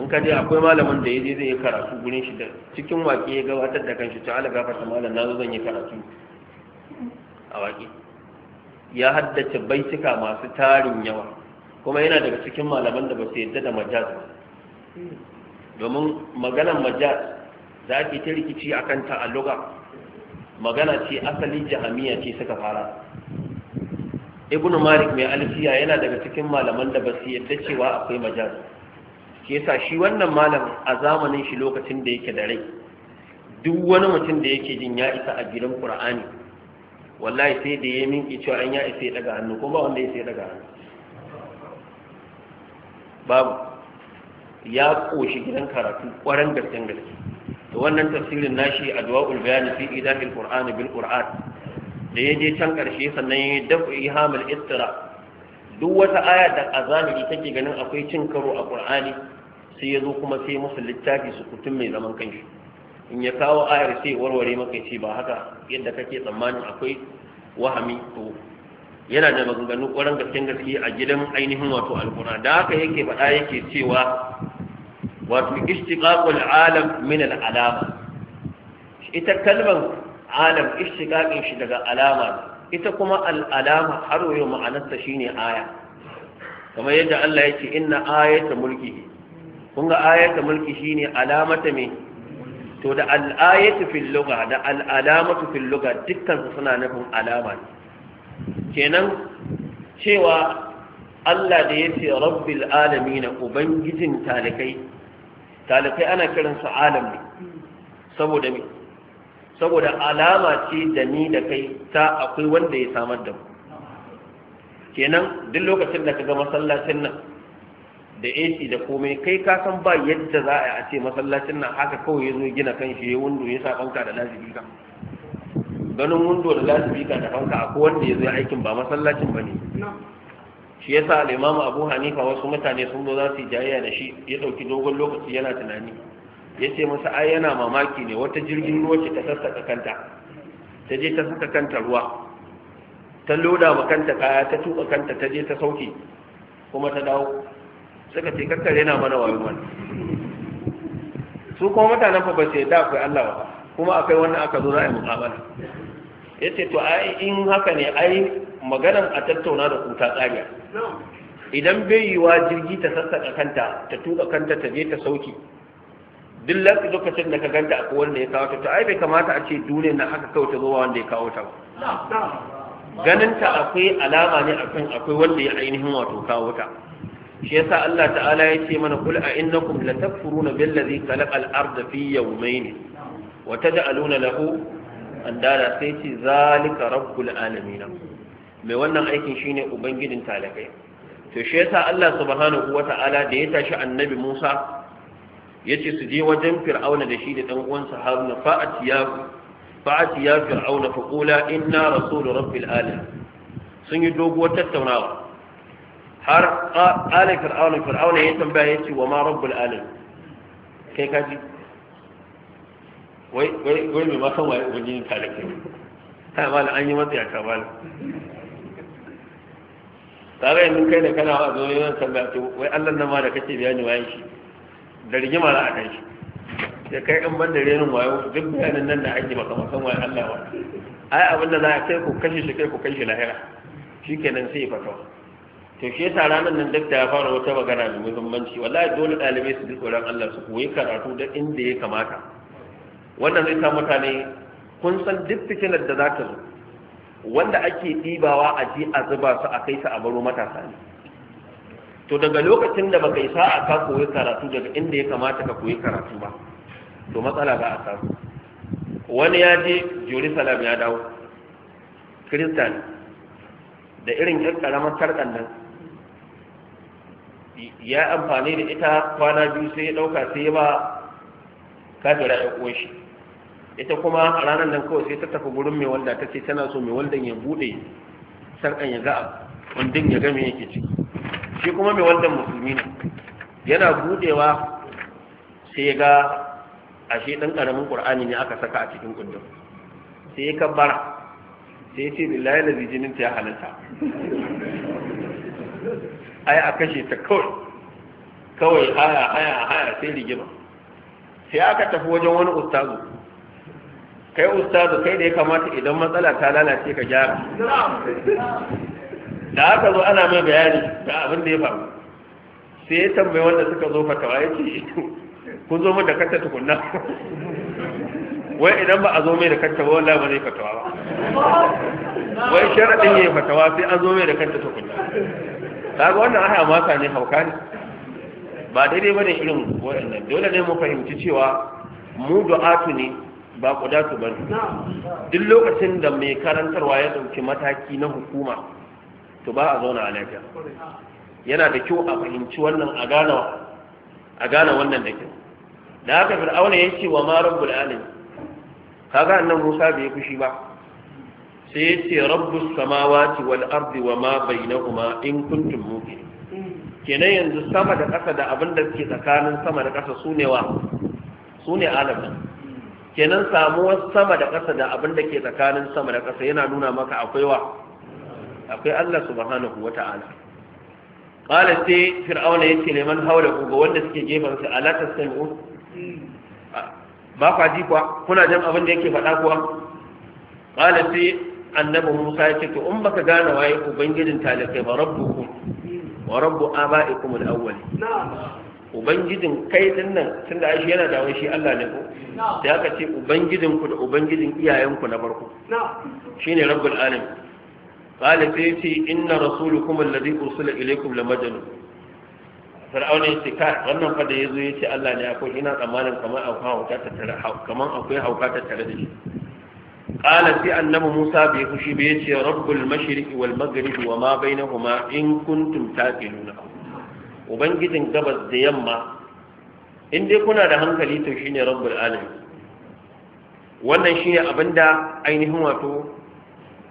in ka je akwai malamin da ya je zai yi karatu gurin shi da cikin waƙe ya gabatar da kanshi ta ala gafarta malam na zo zan yi karatu a waƙe ya haddace baituka masu tarin yawa kuma yana daga cikin malaman da ba su yadda da majaz domin maganan majaz da ake ta rikici a kanta a luga magana ce asali jahamiya ce suka fara ibn malik mai alfiya yana daga cikin malaman da basu yadda cewa akwai majal. Ke sa shi wannan malam a zamanin shi lokacin da yake da rai duk wani mutum da yake jin ya isa a gidan qur'ani wallahi sai da ya minki cewa an ya isa ya daga hannu ko ba wanda ya isa ya daga hannu babu ya koshi gidan karatu kwarin gaske gaske Da wannan tafsirin nashi adwaul bayan fi idahil qur'ani bil qur'an da ya je can karshe sannan yayi dafa ihamul istira duk wata aya da azami take ganin akwai cin karo a qur'ani sai ya zo kuma sai musu littafi su kutum mai zaman kanshi in ya kawo ayar sai warware maka ce ba haka yadda kake tsammanin akwai wahami to yana da maganganu ƙwarar gaske gaske a gidan ainihin wato alƙura da haka yake faɗa yake cewa wato ishtiqaqul alam min al alama ita kalmar alam ishtiqaqin shi daga alama ita kuma al alama har yau ma'anarta shine aya kamar yadda Allah ya inna ayata mulki, kun ga ayata mulki shine alamata me to da al ayatu fil lugha da al alamatu fil lugha dukkan su suna nufin alama kenan cewa Allah da ya ce rabbil alamin ubangijin talikai talibai ana kiransu alam ne saboda me saboda alama ce da ni da kai ta akwai wanda ya samar da mu kenan duk lokacin da ka ga masallacin nan da AC da komai kai ka san ba yadda za a ce masallacin nan haka kawai ya zo gina kan shi ya wundo ya sa fanka da ka ganin wundo da ka da fanka akwai wanda ya zo aikin ba masallacin ba ne shi yasa al-imamu abu hanifa wasu mutane sun zo za su jayayya da shi ya dauki dogon lokaci yana tunani ya ce masa ai yana mamaki ne wata jirgin ruwa ce ta sassaka kanta ta je ta saka kanta ruwa ta loda ma kanta kaya ta tuka kanta ta je ta sauke kuma ta dawo suka ce kakkare na mana wayo mana su kuma mutanen fa ba su yadda akwai Allah ba kuma akwai wannan aka zo za a yi mukamala ya ce to ai in haka ne ai maganan a tattauna da ku ta tsariya idan bai yiwa jirgi ta sassaka kanta ta tuka kanta ta je ta sauki duk lokacin da ka ganta a wanda ya kawo ta to ai bai kamata a ce duniya na haka kawai ta zuwa wanda ya kawo ta ganin ta akwai alama ne akan akwai wanda ya ainihin wato kawo ta shi yasa Allah ta'ala ya ce mana kul a innakum latakfuruna billazi khalaqal arda fi yawmayn wa taj'aluna lahu andala sai ce zalika rabbul alamin mai wannan aikin shine ubangijin talakai to shi yasa Allah subhanahu wata'ala da ya tashi annabi Musa yace su je wajen Fir'auna da shi da dan uwansa Harun fa'atiya fa'atiya Fir'auna fa qula inna rasulu rabbil alamin sun yi doguwar tattaunawa har ala Fir'auna Fir'auna ya tambaya yace wa ma rabbul alamin kai kaji wai wai wai me ma san waye ubangijin talakai kai mala an yi matsaya ka mala tare yanzu kai da kana wa zuwa yawan sallah to wai Allah nan ma da kake bayani wayan shi da rigima za a kai shi da kai in ban da renin wayo duk bayanin nan da ake maka masan wayan Allah wa ai abin da za a kai ku kashe shi kai ku kai shi lahira shikenan sai ya fata to shi yasa ranar nan duk da ya fara wata magana da muhimmanci wallahi dole ɗalibai su ji tsoron Allah su koyi karatu da inda ya kamata wannan zai sa mutane kun san duk fitinar da za ta zo wanda ake ɗibawa a ji a zuba su a kai su a baro matasa ne to daga lokacin da baka yi a ka koyi karatu daga inda ya kamata ka koyi karatu ba to matsala ba a samu wani ya je jerusalem ya dawo kristan da irin yan karamar sarƙan nan ya amfani da ita kwana biyu sai ya ɗauka sai ya ba kafira ya shi. ita kuma a ranar nan kawai sai ta tafi gurin mai wanda ta ce tana so mai wanda ya bude sarkan ya ga wanda ya ga me yake ciki shi kuma mai wanda musulmi ne yana budewa sai ga ashe dan karamin qur'ani ne aka saka a cikin kundin sai ya bara sai ya ce billahi lazi jinin ta ya halatta ai a kashe ta kawai kawai haya haya haya sai rigima sai aka tafi wajen wani ustazu kai ustazu kai da ya kamata idan matsala ta lalace ka gyara da aka zo ana mai bayani ga abin da ya faru sai ya tambayi wanda suka zo fatawa ya ce kun zo min da kacce tukunna wai idan ba a zo mai da kacce ba wallahi ba zai fatawa ba wai sharadin yayi fatawa sai an zo mai da kacce tukunna kaga wannan aya mata ne hauka ne ba daidai bane irin waɗannan dole ne mu fahimci cewa mu du'atu ne ba ku da su bari duk lokacin da mai karantarwa ya dauki mataki na hukuma to ba a zauna a lafiya yana da kyau a fahimci wannan a gane a wannan da kyau da haka fir'auna ya ce wa ma rabbul Ka kaga annan Musa bai fushi ba sai ya ce rabbus samawati wal ardi wa ma bainahuma in kuntum ke. kenan yanzu sama da ƙasa da abin da ke tsakanin sama da ƙasa su ne wa su ne kenan samuwar sama da ƙasa da abin da ke tsakanin sama da ƙasa yana nuna maka akwai wa akwai Allah subhanahu ta'ala. qala sai fir'auna yace ne man haula ku ga wanda suke gefen sa ala tasmi'u ba kwa ji kwa kuna jin abin da yake faɗa kuwa qala sai annabi Musa yace to in baka gane waye ubangijin talakai ba rabbukum wa rabbu aba'ikum al-awwal na'am ubangijin kai din nan tun da aishi yana da shi Allah ne ko da aka ce ubangijin ku da ubangijin iyayen ku na barko. shine rabbul alamin qala sai ce inna rasulukum alladhi ursila ilaykum lamajnun fir'auna ya ce ka wannan fa da yazo ya ce Allah ne akwai ina tsammanin kamar akwai hauka ta tare kamar akwai hauka ta tare da shi qala sai annabi Musa bai fushi bai ce rabbul mashriqi wal maghribi wa ma bainahuma in kuntum taqiluna ubangijin gabas da yamma in dai kuna da hankali to shine rabbul alamin wannan shine abinda ainihin wato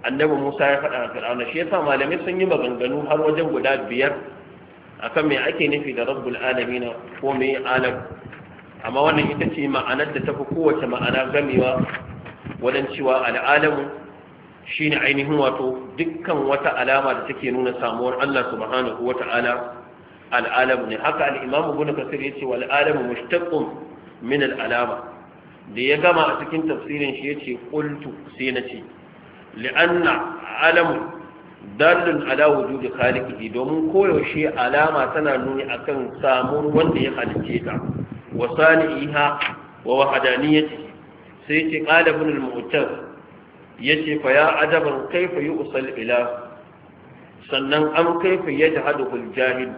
annabi Musa ya faɗa a Fir'auna shi yasa malamai sun yi maganganu har wajen guda biyar akan me ake nufi da rabbul alamin ko me alam amma wannan ita ce ma'anar da tafi kowace ma'ana gamewa wajen cewa al'alamu shine ainihin wato dukkan wata alama da take nuna samuwar Allah subhanahu wata'ala al'alamu ne haka al'imamu guna kasir ya ce wa al'alamu mushtaqqun min al'alama da ya gama a cikin tafsirin shi ya ce ƙultu sai na ce li'anna alamu dallun ala wujudi khaliqihi domin koyaushe alama tana nuni akan samun wanda ya halicce ta wa sani'iha wa wahdaniyati sai ce qala ibn al-mu'taz yace fa ya adaban kaifa yu'sal ila sannan am kaifa yajhadu al-jahil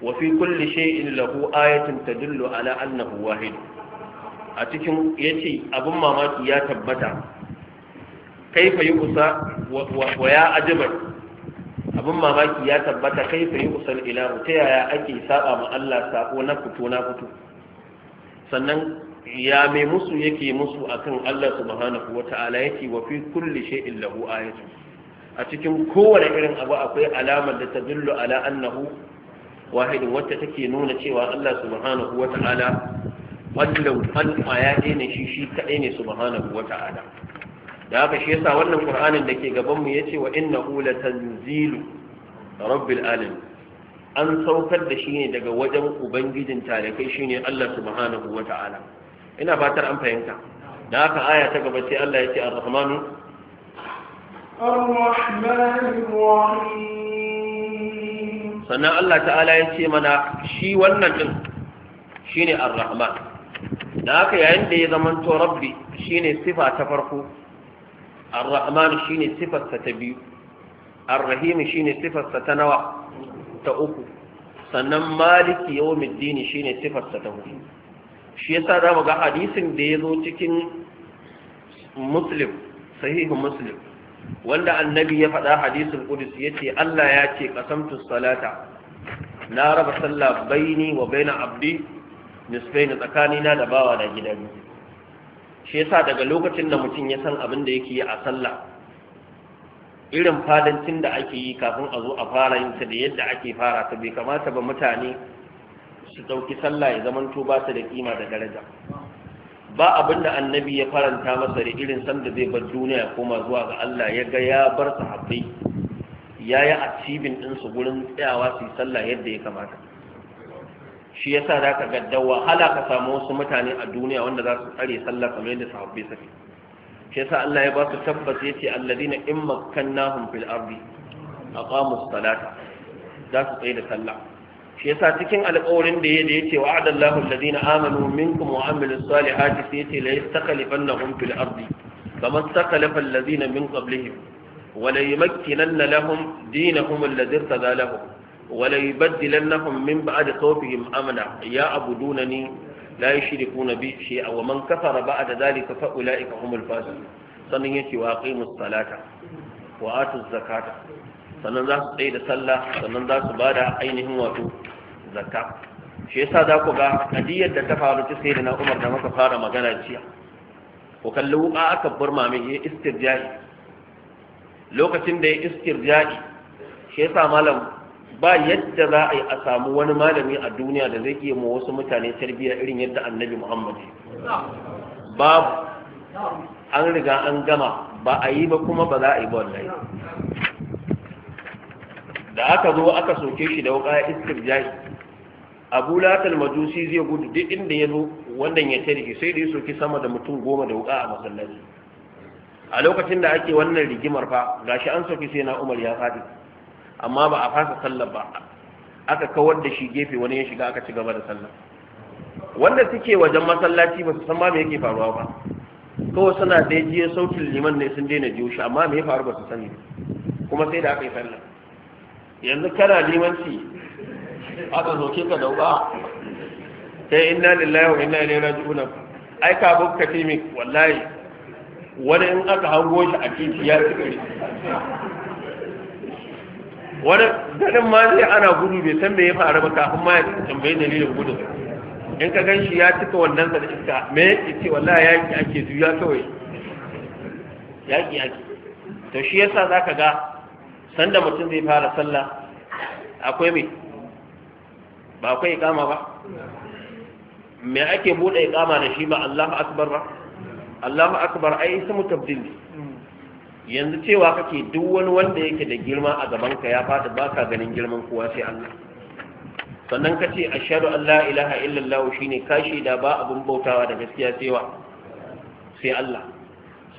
Wafi fi kulli shay'in lahu ayatun dillo ala annahu wahid a cikin ya ce abin mamaki ya tabbata kaifa kusa wa ya ajabar abin mamaki ya tabbata kai fa yi kusan ilahu ta yaya ake saba ma Allah sako na fito na fito sannan ya mai musu yake musu akan Allah subhanahu wata'ala yake wa fi kulli shay'in lahu ayatu a cikin kowane irin abu akwai alamar da ta dillo ala annahu wahid wacce take nuna cewa Allah subhanahu wata'ala wallan alfa ya ne shi shi kadai ne subhanahu Ta'ala. da haka shi yasa wannan qur'anin da ke gaban mu yace wa Inna innahu latanzilu rabbil alamin an saukar da shi ne daga wajen ubangijin talikai shine Allah subhanahu Ta'ala. ina fatar an fahimta da haka aya ta gaba sai Allah yace ar-rahmanu ar-rahmanir rahim sannan Allah ta'ala ya ce mana shi wannan ɗin shi ne ar-rahman da haka yayin da ya zama to rabbi ne sifa ta farko ar-rahman shi ne sifarsa ta biyu ar-rahim ne sifarsa ta nawa ta uku sannan maliki shi ne sifarsa ta hudu shi yasa zamu ga hadisin da ya zo cikin muslim sahihin muslim wanda annabi ya faɗa hadisin hadisul ya ce Allah ya ce qasamtu salata na raba sallah baini wa baina abdi tsakani na da bawa da gidan shi yasa daga lokacin da mutum ya san abin da yake yi a sallah irin fadancin da ake yi kafin a zo a fara yin da yadda ake fara ta bai kamata ba mutane su ɗauki sallah ya zamanto ba ta da kima da daraja ba abin da annabi ya faranta masa da irin sanda zai bar duniya ya koma zuwa ga Allah ya ga ya bar sahabbai ya yi achieving ɗinsu gurin tsayawa su sallah yadda ya kamata shi ya sa za ka ga da wahala ka samu wasu mutane a duniya wanda za su tsare sallah kamar yadda sahabbai suke shi Allah ya ba su tabbas ya ce alladina in makkannahum fil ardi aqamu salata za su tsaye da sallah shi yasa cikin alƙawarin da ya da yace wa adallahu alladhina amanu minkum wa amilus salihati sai yace la yastakhlifannahum fil ardi kama istakhlafa alladhina min qablihim wa la yumakkinanna lahum dinahum alladhi irtada lahum wa la yubaddilannahum min ba'di khawfihim amna ya abudunani la yushrikuna bi shay'a wa man kafara ba'da dhalika fa ulaika humul fasiqun sannan yace wa aqimus salata wa atuz zakata sannan za su tsaye da sallah sannan za su ba da ainihin wato zakka shi yasa za ku ga kadiyar da ta faru ta sai da na umar da muka fara magana jiya ku kalli wuƙa aka bar mai ya istirja'i lokacin da ya istirja'i shi yasa malam ba yadda za a yi a samu wani malami a duniya da zai iya ma wasu mutane tarbiyya irin yadda annabi muhammad babu an riga an gama ba a yi ba kuma ba za a yi ba wallahi da aka zo aka soke shi da wuka istirjahi abu latal majusi zai gudu duk inda ya zo wannan ya tarihi sai da ya soke sama da mutum goma da wuka a masallaci a lokacin da ake wannan rigimar fa gashi an soke sai na umar ya fadi amma ba a fasa sallar ba aka kawar da shi gefe wani ya shiga aka ci gaba da sallar wanda suke wajen masallaci ba su san ma me yake faruwa ba kawai suna da jiya sautin liman ne sun daina jiyo shi amma me ya faru ba su sani kuma sai da aka yi sallar yanzu kana limanci aka zoke ka dauka sai inna lillahi wa inna ilaihi raji'un ai ka bukka fi mi wallahi wani in aka hango shi a titi ya fi kare wani ganin ma sai ana gudu bai san me ya faru ba kafin ma ya tambayi dalilin gudun in ka gan shi ya cika wannan sa da iska me yake ce wallahi yaki ake duya kawai yaki ake to shi yasa zaka ga sanda mutum zai fara sallah akwai mai ba akwai ikama ba me ake buɗe ikama da shi ba Allahu akbar ba Allahu akbar ai ismu tabdil yanzu cewa kake duk wani wanda yake da girma a gaban ka ya fada baka ganin girman kowa sai Allah sannan ka ce ashhadu an la ilaha illallah shine kashi da ba abun bautawa da gaskiya cewa sai Allah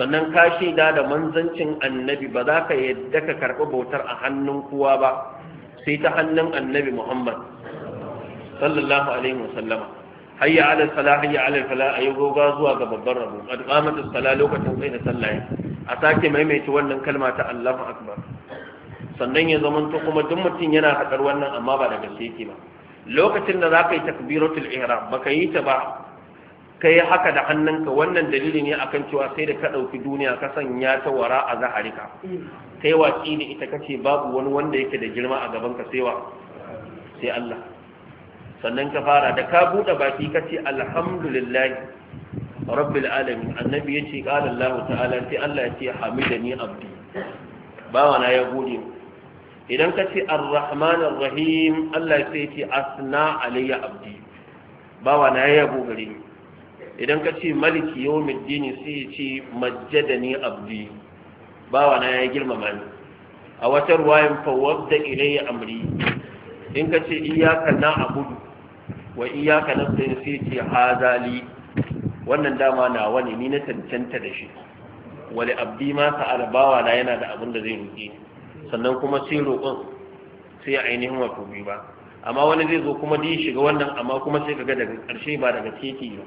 sannan ka shaida da manzancin annabi ba za ka yadda ka karɓi bautar a hannun kowa ba sai ta hannun annabi muhammad sallallahu alaihi wasallama hayya ala sala hayya ala fala yi goga zuwa ga babban rabo qad qamatus sala lokacin sai da sallaye. a sake maimaita wannan kalma ta Allahu akbar sannan ya zama to kuma duk mutum yana hadar wannan amma ba da gaske ba lokacin da za ka yi takbiratul ihram baka yi ta ba ka yi haka da hannunka wannan dalili ne akan cewa sai da ka ɗauki duniya ka sanya ta wara a zaharika kai watsi da ita kace babu wani wanda yake da girma a gaban ka sai wa sai Allah sannan ka fara da ka buɗe baki kace alhamdulillah rabbil alamin annabi yace qala Allah ta'ala sai Allah yace hamidani abdi bawana ya gode idan ka ce arrahman rahim Allah sai ce asna alayya abdi bawa na ya yabo idan ka ce maliki yau dini sai ya ce ni, abdi bawa na ya girma mani a wata ruwayan da ilayya amri in ka ce iyaka na abudu wa iyaka na sai sai ce hazali wannan dama na wani ni na cancanta da shi wale abdi ma sa'ala bawa na yana da abin da zai roƙe. sannan kuma sai roƙon sai ainihin wato biyu ba amma wani zai zo kuma da shiga wannan amma kuma sai kaga daga ƙarshe ba daga teki ba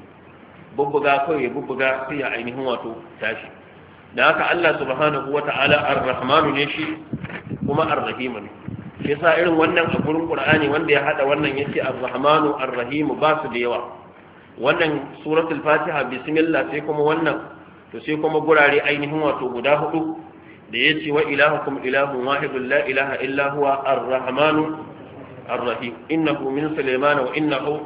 bubbuga kawai ya bubbuga sai ya ainihin wato tashi da haka Allah subhanahu wa ta'ala ar-rahmanu ne shi kuma ar-rahimu ne shi yasa irin wannan a gurin qur'ani wanda ya hada wannan yace ar-rahmanu ar-rahimu ba su da yawa wannan suratul fatiha bismillah sai kuma wannan to sai kuma gurare ainihin wato guda hudu da yace wa ilahukum ilahun wahidun la ilaha illa huwa ar-rahmanu ar-rahim innahu min sulaymana wa innahu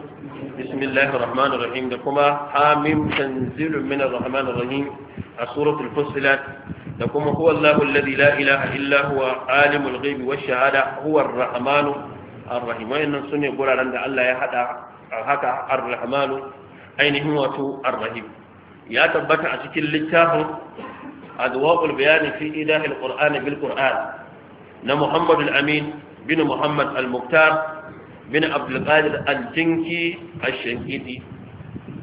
بسم الله الرحمن الرحيم لكما حامم تنزيل من الرحمن الرحيم سورة الفصلات لكما هو الله الذي لا إله إلا هو عالم الغيب والشهادة هو الرحمن الرحيم وإن سنة يقول عند الله يحدى هكا الرحمن أين هو الرحيم يا تبتع تكل للتاه أدواء البيان في إله القرآن بالقرآن نمحمد الأمين بن محمد المختار bin abdulkadir altinki a shankiti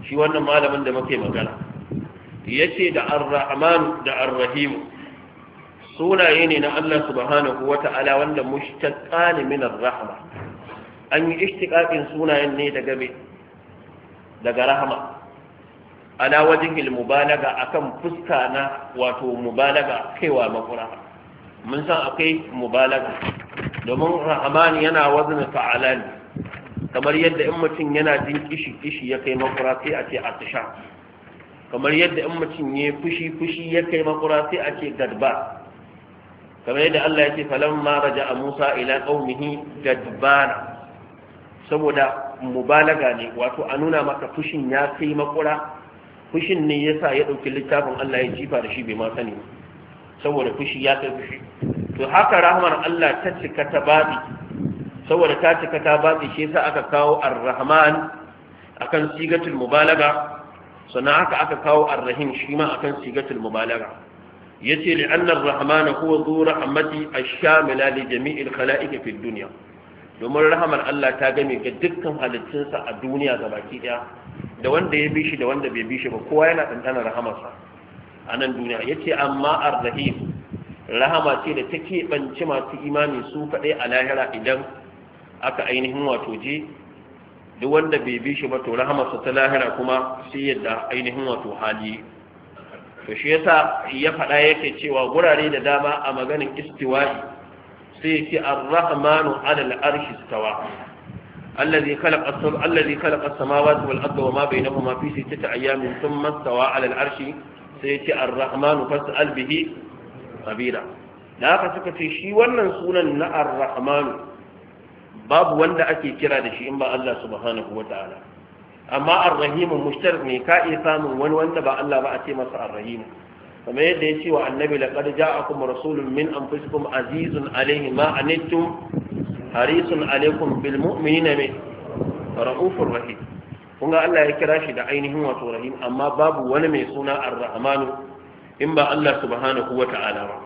shi wannan malamin da muke magana yace ce da arrahman da arrahim sunaye ne na Allah subhanahu wa ta'ala wanda mushtaqqa ne min arrahma an yi ishtiqaqin sunayen ne daga me daga rahama ala wajhil mubalaga akan fuska na wato mubalaga kaiwa makura mun san akwai mubalaga domin rahman yana wazna fa'alan kamar yadda in mutum yana jin kishi kishi ya kai makura sai a ce atisha kamar yadda in mutum ya fushi fushi ya kai makura sai a ce gadba kamar yadda Allah ya ce falamma raja Musa ila qaumihi gadban saboda mubalaga ne wato a nuna maka fushin ya kai makura fushin ne yasa ya ɗauki littafin Allah ya jifa da shi bai ma sani ba saboda fushi ya kai fushi to haka rahmar Allah ta cika ta babi saboda ta cika ta babi shi yasa aka kawo ar-rahman akan sigatul mubalaga sannan haka aka kawo ar-rahim shi ma akan sigatul mubalaga yace li anna ar-rahman huwa dhu rahmati ash-shamila li jami'il khalaiq fi dunya domin rahamar Allah ta game ga dukkan halittunsa a duniya gabaki daya da wanda ya bi shi da wanda bai bi shi ba kowa yana tantana rahamarsa a nan duniya ya ce amma arrahim rahama ce da ta keɓanci masu imani su kaɗai a lahira idan aka ainihin wato je duk wanda bai bi shi ba to rahamarsa ta lahira kuma sai yadda ainihin wato hali to shi yasa ya faɗa yake cewa gurare da dama a maganin istiwa'i sai yake ar alal 'ala al-arshi istawa alladhi khalaqa as-samawati allazi khalaqa ma bainahuma fi sittati ayamin sai ya ce ar-rahmanu fas'al bihi khabira da haka suka ce shi wannan sunan na ar-rahmanu babu wanda ake kira da shi in ba Allah subhanahu wata'ala amma ar-rahim mushtar ne ka iya samun wani wanda ba Allah ba a ce masa ar-rahim kamar yadda ya ce wa annabi laqad ja'akum rasulun min anfusikum azizun alayhi ma anittum harisun alaykum bil mu'minina min ra'ufur rahim kun ga Allah ya kira shi da ainihin wato rahim amma babu wani mai suna ar-rahmanu in ba Allah subhanahu wa ta'ala ba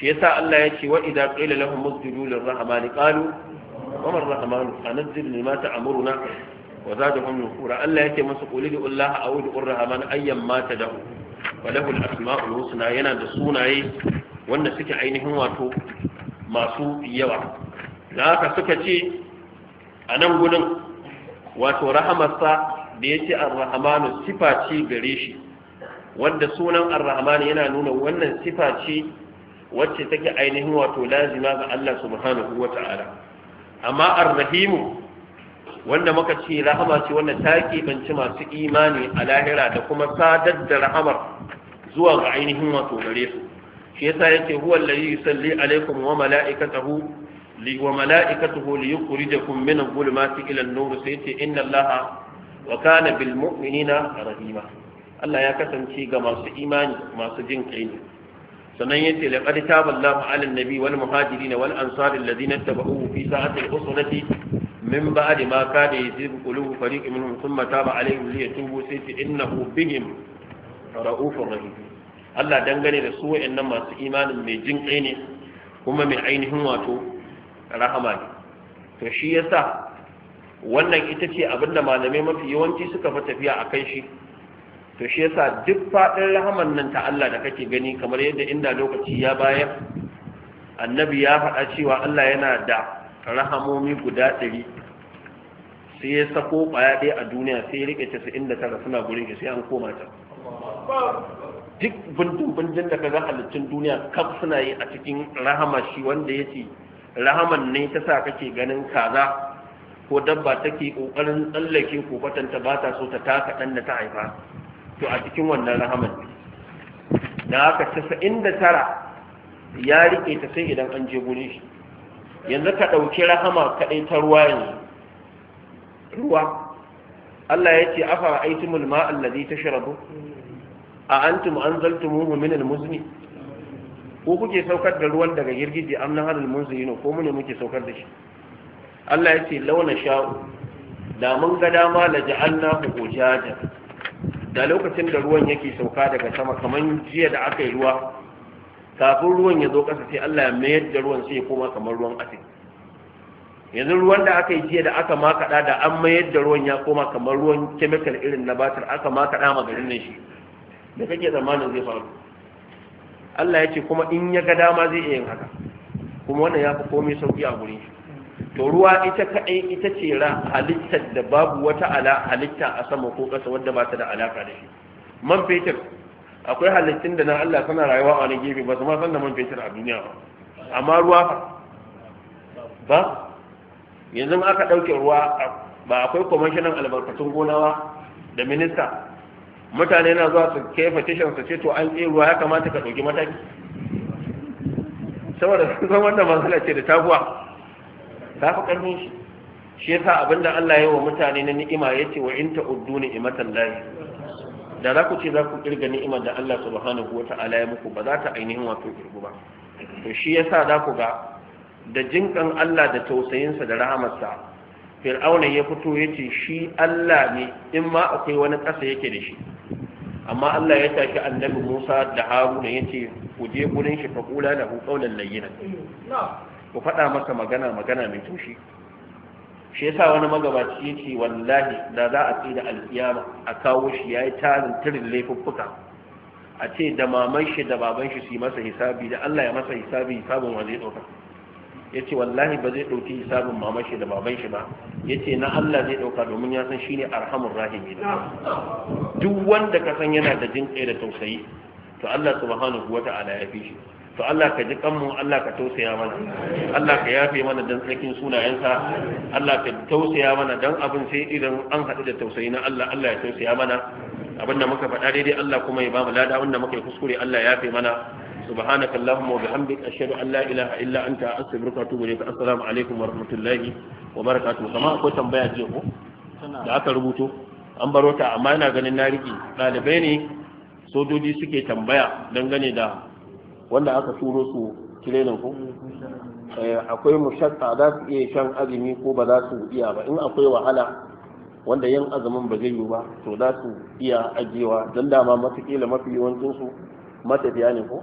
shi yasa Allah ya ce wa idza qila lahum usjudu lir-rahmani qalu wa man rahmanu anzil lima ta'muruna wa zadahum nufura Allah ya ce musu qul li Allah a'udhu bir-rahman ayyam ma tad'u wa lahu al-asma'ul husna yana da sunaye wanda suke ainihin wato masu yawa Za ka suka ce a nan gudun wato rahamarsa da yake ar-rahmanu sifa ce gare shi wanda sunan ar-rahman yana nuna wannan sifa ce wacce take ainihin wato lazima ga Allah subhanahu wata'ala amma ar-rahim wanda muka ce rahama ce wanda ta kebanci masu imani a lahira da kuma sadar da rahamar zuwa ga ainihin wato gare su shi yasa yake huwa allazi yusalli alaikum wa mala'ikatahu li wa mala'ikatuhu li yukhrijakum min adh-dhulumati ila an-nur sai ce inna allaha wa kana rahima Allah ya kasance ga masu imani masu jin kai ne sannan yace laqad taballahu 'ala an-nabi wal muhajirin wal ansar alladhina tabauhu fi sa'ati al-usrati min ba'di ma kada yuzib qulubu fariqin minhum thumma taba 'alayhim liyatubu sai ce innahu bihim ra'ufur rahim Allah dangane da su wayannan masu imanin mai jin kai ne kuma mai ainihin wato rahama ne to shi yasa wannan ita ce abinda malamai mafi yawanci suka fi tafiya a kan shi to shi yasa duk faɗin rahaman nan ta Allah da kake gani kamar yadda inda lokaci ya bayar annabi ya faɗa cewa Allah yana da rahamomi guda ɗari sai ya sako ɓaya ɗaya a duniya sai ya riƙe casa'in da tara suna gurin shi sai an koma ta duk bindin bindin da ka ga halittun duniya kaf suna yi a cikin rahama shi wanda ya ce rahaman ne ta sa kake ganin kaza ko dabba take kokarin tsallake ko kwatanta ba ta so ta taka dan da ta haifa to a cikin wannan rahaman ne da haka casa'in da tara ya rike ta sai idan an je gurin shi yanzu ka ɗauki rahama kaɗai ta ruwa yanzu ruwa Allah ya ce afa aitumul ma'allazi tashrabu a antum anzaltumuhu min al-muzni ko kuke saukar da ruwan daga girgije am na mun munzilino ko mu ne muke saukar da shi Allah ya ce launa sha'u da mun ga dama la ja'alna ujaja da lokacin da ruwan yake sauka daga sama kaman jiya da aka yi ruwa kafin ruwan ya zo kasa sai Allah ya mayar da ruwan sai ya koma kamar ruwan asin yanzu ruwan da aka yi jiya da aka makaɗa da an mayar da ruwan ya koma kamar ruwan kemikal irin na batir aka makaɗa magarin nan shi da kake zamanin zai faru Allah ya ce kuma in ya ga dama zai iya yin haka kuma wannan ya fi komai sauki a guri to ruwa ita kaɗai ita ce ra halittar da babu wata ala halitta a sama ko ƙasa wadda ba ta da alaka da shi man fetur akwai halittun da na Allah suna rayuwa a wani gefe ba su ma san da man fetur a duniya ba amma ruwa ba yanzu aka ɗauke ruwa ba akwai kwamashinan albarkatun gona da minista mutane na zuwa su kefa tishan su ce to an ƙi ruwa ya kamata ka ɗauki mataki saboda sun san wannan matsala ce da taguwa ta fi ƙarfin shi shi yasa abin da Allah ya wa mutane na ni'ima ya ce wa in uddu ni'imatan lahi da za ku ce za ku kirga ni'imar da Allah subhanahu wa ta'ala ya muku ba za ta ainihin wato kirgu ba to shi yasa za ku ga da jinkan Allah da tausayinsa da rahamarsa fir'auna ya fito ya ce shi Allah ne in ma akwai wani ƙasa yake da shi amma Allah ya tashi annabi Musa da Haruna ya ce ku je gurin shi fa kula da qawlan layyina ku faɗa masa magana magana mai tushi shi yasa wani magabaci ya ce wallahi da za a tsira da a kawo shi yayi tarin tirin laifuffuka a ce da maman shi da baban shi su yi masa hisabi da Allah ya masa hisabi hisabin wa zai ɗauka ya ce wallahi ba zai ɗauki hisabin maman shi da baban shi ba ya ce na Allah zai ɗauka domin ya san shine arhamun rahimi da duk wanda ka san yana da jin da tausayi to Allah subhanahu wa ta'ala ya fi shi to Allah ka ji kanmu Allah ka tausaya mana Allah ka yafe mana dan tsakin sunayensa Allah ka tausaya mana dan abin sai idan an haɗu da tausayi na Allah Allah ya tausaya mana abinda muka faɗa daidai Allah kuma ya ba mu lada wanda muka yi kuskure Allah ya yafe mana subhanaka allahumma wa bihamdika ashhadu an la ilaha illa anta astaghfiruka wa atubu ilayk assalamu alaikum wa rahmatullahi wa barakatuh kamar akwai tambaya jiya da aka rubuto an baro ta amma ina ganin na riƙe ɗalibai ne sojoji suke tambaya dangane da wanda aka turo su tirenin ku akwai mushakka za su iya shan azumi ko ba za su iya ba in akwai wahala wanda yin azumin ba zai yi ba to za su iya ajiyewa don dama matakila mafi yawancinsu matafiya ne ko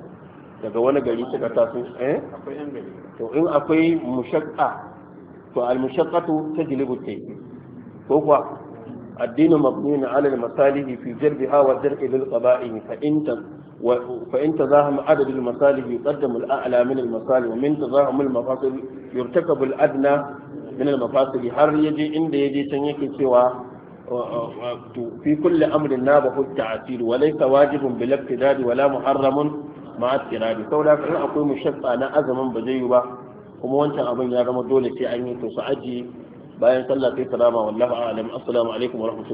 daga wani gari suka taso eh to in akwai mushaqqa to al mushaqqatu tajlibu tay ko kuwa addinu mabniun ala al fi jalbiha wa dar'i lil qaba'i fa inta fa inta zahama adad al masalihi yuqaddamu al a'la min al masalihi wa min tazahum har yaje inda yaje can yake cewa fi kulli amrin naba hutta asir wa laysa wajibun bil ibtidadi wa la muharramun ma'at kirari saboda in akwai mushaffa na azumin ba zai yi ba kuma wancan abin ya zama dole sai an yi to su ajiye bayan sallah sai salama wallahu a'lam assalamu alaikum wa rahmatullahi